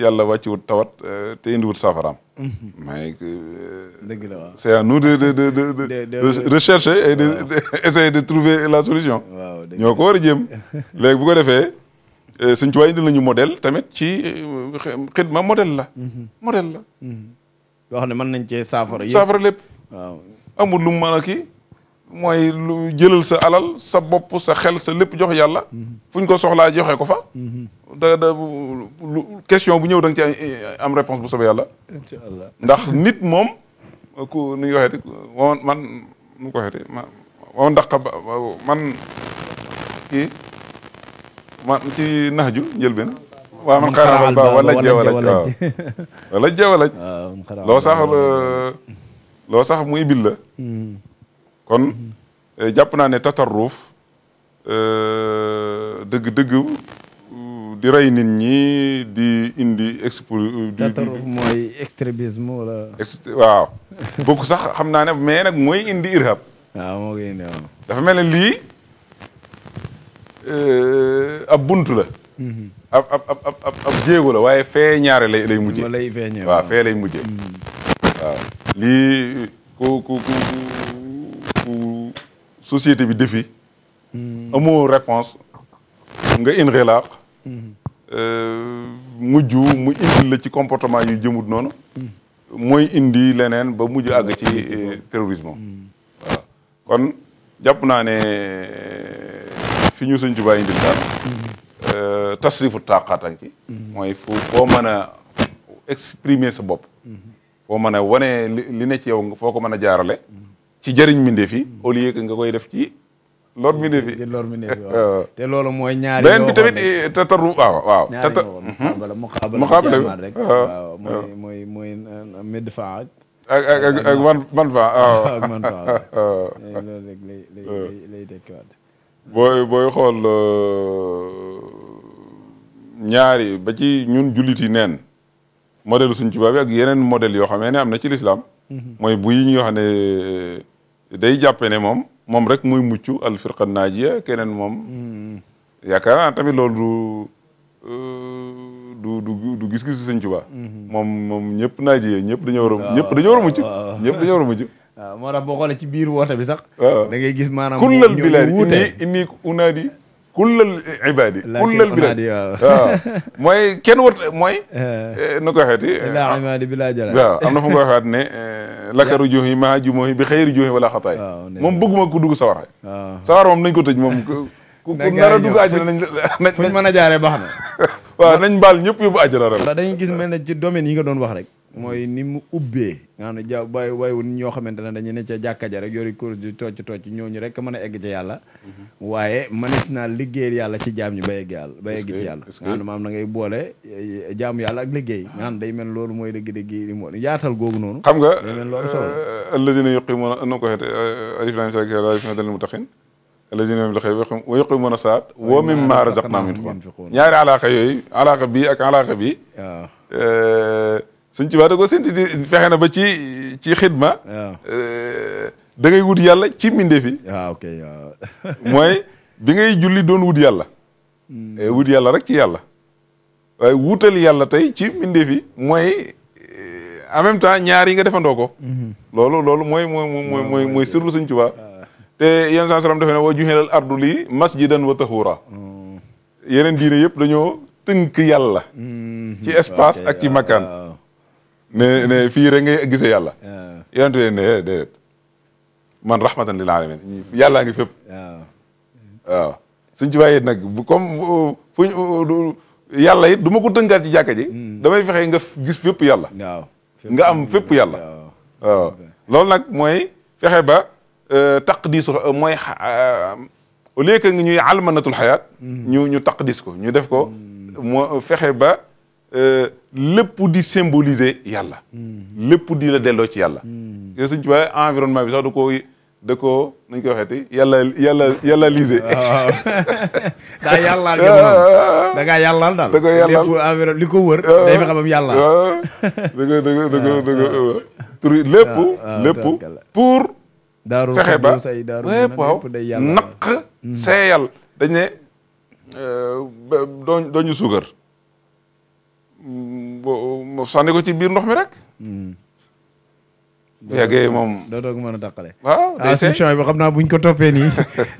yàlla wàcciwut tawat euh, te indiwut saafaraam. Mm-hmm. mais. Euh, dëgg la waaw de de de de rechercher et de trouver la solution. ñoo ko war a jéem léegi bu defee. Euh, Sëñ Tuubaa indil nañu modèle tamit ci euh, xidma modèle la. Mhm. modèle la. Mhm. yoo xam ne mën nañ cee saafara yëpp saafara lépp. waaw amul lu mu mën mooy lu jëlal sa alal sa bopp sa xel sa lépp jox yàlla. Mhm. fu ñu ko soxlaa joxe ko fa. da da question bu ñëw da nga ci am réponse bu soobee yàlla. ndax nit moom. ku ni nga waxeeti man man nu ko waxeeti man man ma ci nax ju njëlbeen waaw man xaaral ba wala je wala waaw wala loo sax loo sax muy bil hmm. kon hmm. Eh, jàpp naa ne tatarruuf eh, dëgg dëgg di rey nit ñi di indi expo. tatarruuf waaw bokk sax xam naa ne mais nag mooy indi irhab. waaw moo lii. ab bunt la. ab ab ab la waaye fee ñaare lay lay mujjee. lay fee waaw fee lay mujjee. Hmm. waaw lii ku ku ku ku société bi defi. Hmm. amoo réponse nga inxilaaq. Hmm. Euh, mujj mu indil la ci comportement yu jëmut noonu. mooy indi leneen ba mujj àgg ci euh, terrorisme. waaw kon jàpp naa fi ñu sëñ Tuubaa indil daal tasrifu taqaatan ci mooy fu koo mën a exprimer sa bopp foo mën a wane li ne ci yow foo ko mën a jaarale ci jëriñ mbindeef yi au lieu nga koy def ci lor mbindeef yi lor te loolu mooy ñaari beneen bi tamit tataru waaw waaw tata muqaabala bi rek waaw mooy mooy mooy medd fa ak ak ak man man fa waaw ak man fa loolu rek lay lay lay tekkiwaat booy booy xool euh, ñaari ba ñun jullit yi neen modèle suñ tubaab bi ak yeneen modèle yoo xamee ne am na ci lislaam mhm. mooy buy yi ñoo xam ne euh, day jàppe ne moom moom rek muy mucc al firqa naajiya keneen moom mhm. yaakaar naa tamit loolu du euh, du du gis-gisu suñ tubaab mhm. moom moom ñëpp naajiya ñëpp dañoo war a ñëpp dañoo war a mucc ñëpp dañoo war waaw moo tax boo xoolee ci biir woote bi sax. da ngay gis maanaam. kullal bilaadi inni inni unaadi kullal ibaadi. kullal bilaadi waaw. mooy kenn wut mooy. Eh. Eh, nu ko waxeeti. Eh, ilaa ah, imaadi bilaa jala waaw am na fu mu ko waxaat ne. lakaru juhi maa jumohi bi xëyri juhi wala xataay. moom bëgguma ku dugg sawara. waaw sawara moom nañ ko tëj moom. ku nara dugg àjjana nañ nañ. fuñ mën a jaaree baax na. waaw nañ baal ñëpp yóbbu àjjana rek. dañuy gis mel ne ci domaine yi nga doon wax rek. mooy ni mu ubbee nga xam ne ja bàyyi bàyyiwun ñoo xamante ne dañu ne ca jàkka ja rek yori kur di tocc tocc ñooñu rek mën a egg ci yàlla mm-hmm. waaye mënees naa liggéeyal yàlla ci jaam ñi ba egg yàlla ba egg ci yàlla na ngay boole eh, jaamu yàlla ak liggéey nga xam ne day mel loolu mooy dëgg-dëgg li moo yaatal googu noonu xam nga day mel loolu solo eh, alladina yuqimuuna na ko xeete eh, alif laam saak alif na dal mutaxin alladina yuqimuuna wa yuqimuuna saat wa mimma razaqnaahum yunfiquun ñaari alaaka yooyu alaaka bii ak alaaka bii suñ ci baa da ko senti fexe na ba ci ci xidma eh, da wut yàlla ci mbindee ah, mooy bi ngay julli doon wut yàlla hmm. eh, wut yàlla rek ci yàlla waaye wutal yàlla tey ci mbindee fi mooy eh, en même temps ñaar yi nga defandoo ko hmm. loolu loolu mooy mooy mooy mooy mooy hmm. sirlu Sëñ Tuubaa ah. te yéen saa salaam defe ne wa juxilal ardu masjidan wa taxuura yeneen diine yëpp dañoo tënk yàlla ci espace ak ci makkaan ne ne fii rek ngay gisee yàlla. yonent bi ne eh, déedéet man rahmatan lil alamin yàllaa ngi fépp. waaw suñ ci bàyyee nag bu comme fuñ yàlla it du ko tënkaat ci jàkka ji. Mm. damay fexe nga gis fépp yàlla. nga am fépp yàlla. waaw loolu nag mooy fexe ba euh, taqdis euh, mooy euh, au lieu que ñuy almanatul xayaat. Mm. ñu ñu taqdis ko ñu def ko. Mm. moo ba. Euh, lépp di symboliser yàlla. Hmm. lépp di la delloo ci yàlla. Hmm. yooyu suñ ci bi sax da koo da koo nañ koy waxeeti yàlla yàlla yàlla lisé. waaw ah. daa yàllaal jamono da ngaa yàllaal daal. da li ko wër. Ah. day fexe ba mu yàllaal. Ah. da ko da ko da ko fexe ba lépp waaw naq hmm. seeyal dañ ne euh, dooñu suukar. boo sànni ko ci biir ndox mi rek. Hmm. bu yàggee moom dootoo ko mën a taqale. waaw day ah, seey bi xam naa buñ ko toppee nii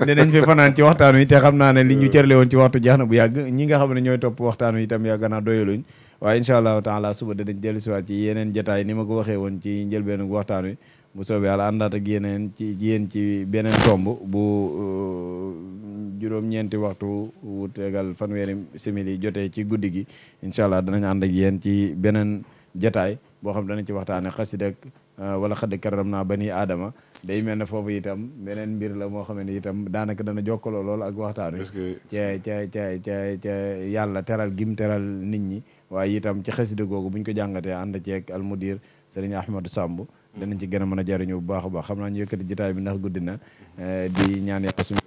dinañ fi fanaan ci waxtaan wi te xam naa ne li ñu cërle woon ci waxtu jeex na bu yàgg ñi nga xam ne ñooy topp waxtaan wi itam yàgg naa doyaluñ waaye allah allahu taala suba danañ dellusiwaat ci yeneen jetaay ni ma ko waxee woon ci njëlbeenu waxtaan wi bu soobee yàlla àndaat ak yeneen ci yéen ci beneen tomb bu. Uh, juróom-ñeenti waxtu wu tegal fanweeri simili jotee ci guddi gi incha allah danañ ànd ak yéen ci beneen jataay boo xam danañ ci waxtaane xasida ak uh, wala xadd karam naa ba nii aadama day mel ne foofu itam beneen mbir la moo xam itam daanaka dana jokkaloo lool ak waxtaan wi ca ca yàlla teral gim teral nit ñi waaye itam ci xasida googu buñ ko jàngatee ànd ceeg almudir sëriñ Ahmadou Samb mm. danañ ci gën a mën a jariñu bu baax baax xam naa ñu yëkkati bi ndax guddi na uh, di ñaan yàlla suñu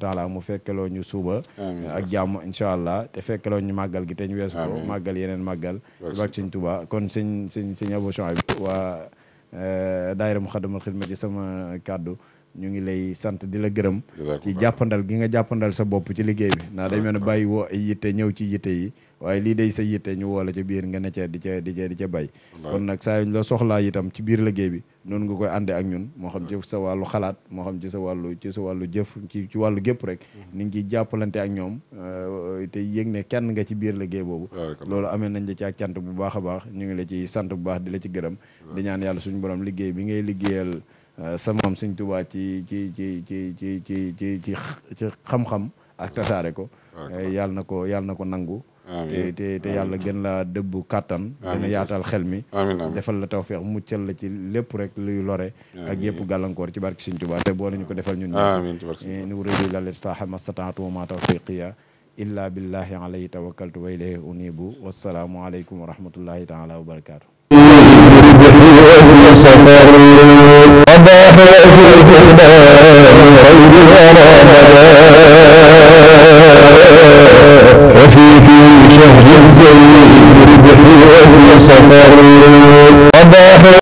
wa mu fekkeloo ñu suuba ak jàmm incha allah te fekkeloo ñu màggal gi te ñu weesu ko màggal yeneen màggal ci bak sëñ kon sëñ sëñ sëñ Abou Chouaib bi waa eh, daayira Muxaddamatul Xidma ci sama kàddu ñu ngi lay sant di la gërëm ci jàppandal gi nga jàppandal sa bopp ci liggéey bi ndax day mel ne bàyyi woo ay yitte ñëw ci yitte yi waaye lii dey sa yitte ñu woo la ca biir nga ne ca di ca di ca di ca bay kon nag saa la soxlaa itam ci biir liggéey bi noonu nga koy àndee ak ñun moo xam ci sa wàllu xalaat moo xam ci sa wàllu ci sa wàllu jëf ci ci wàllu gépp rek mm-hmm. ni ngi ciy jàppalante ak ñoom euh, te yëg ne kenn nga ci biir liggéey boobu loolu amee nañ la ci ak cant bu baax a baax ñu ngi la ci sant bu baax di la ci gërëm di ñaan yàlla suñu borom liggéey bi ngay liggéeyal euh, sa maam Sëñ Tuubaa ci ci ci ci ci ci ci ci ci xam-xam ak tasaare ko euh, yàlla na ko yàlla na ko nangu te yàlla gën laa dëbbu kàttan gën a yaatal xel mi defal la tawfeex muccal la ci lépp rek luy lore ak yëpp gàllankoor ci barke Sëriñ Tuubaa te boo nañu ko defal ñun ñëpp in uriidu illal islaaha mastata'tu illa billahi alayhi tawakkaltu wa ilayhi uniibu wassalaamu aleykum wa rahmatullahi taala wa barakaatu سيد الرجل والسفر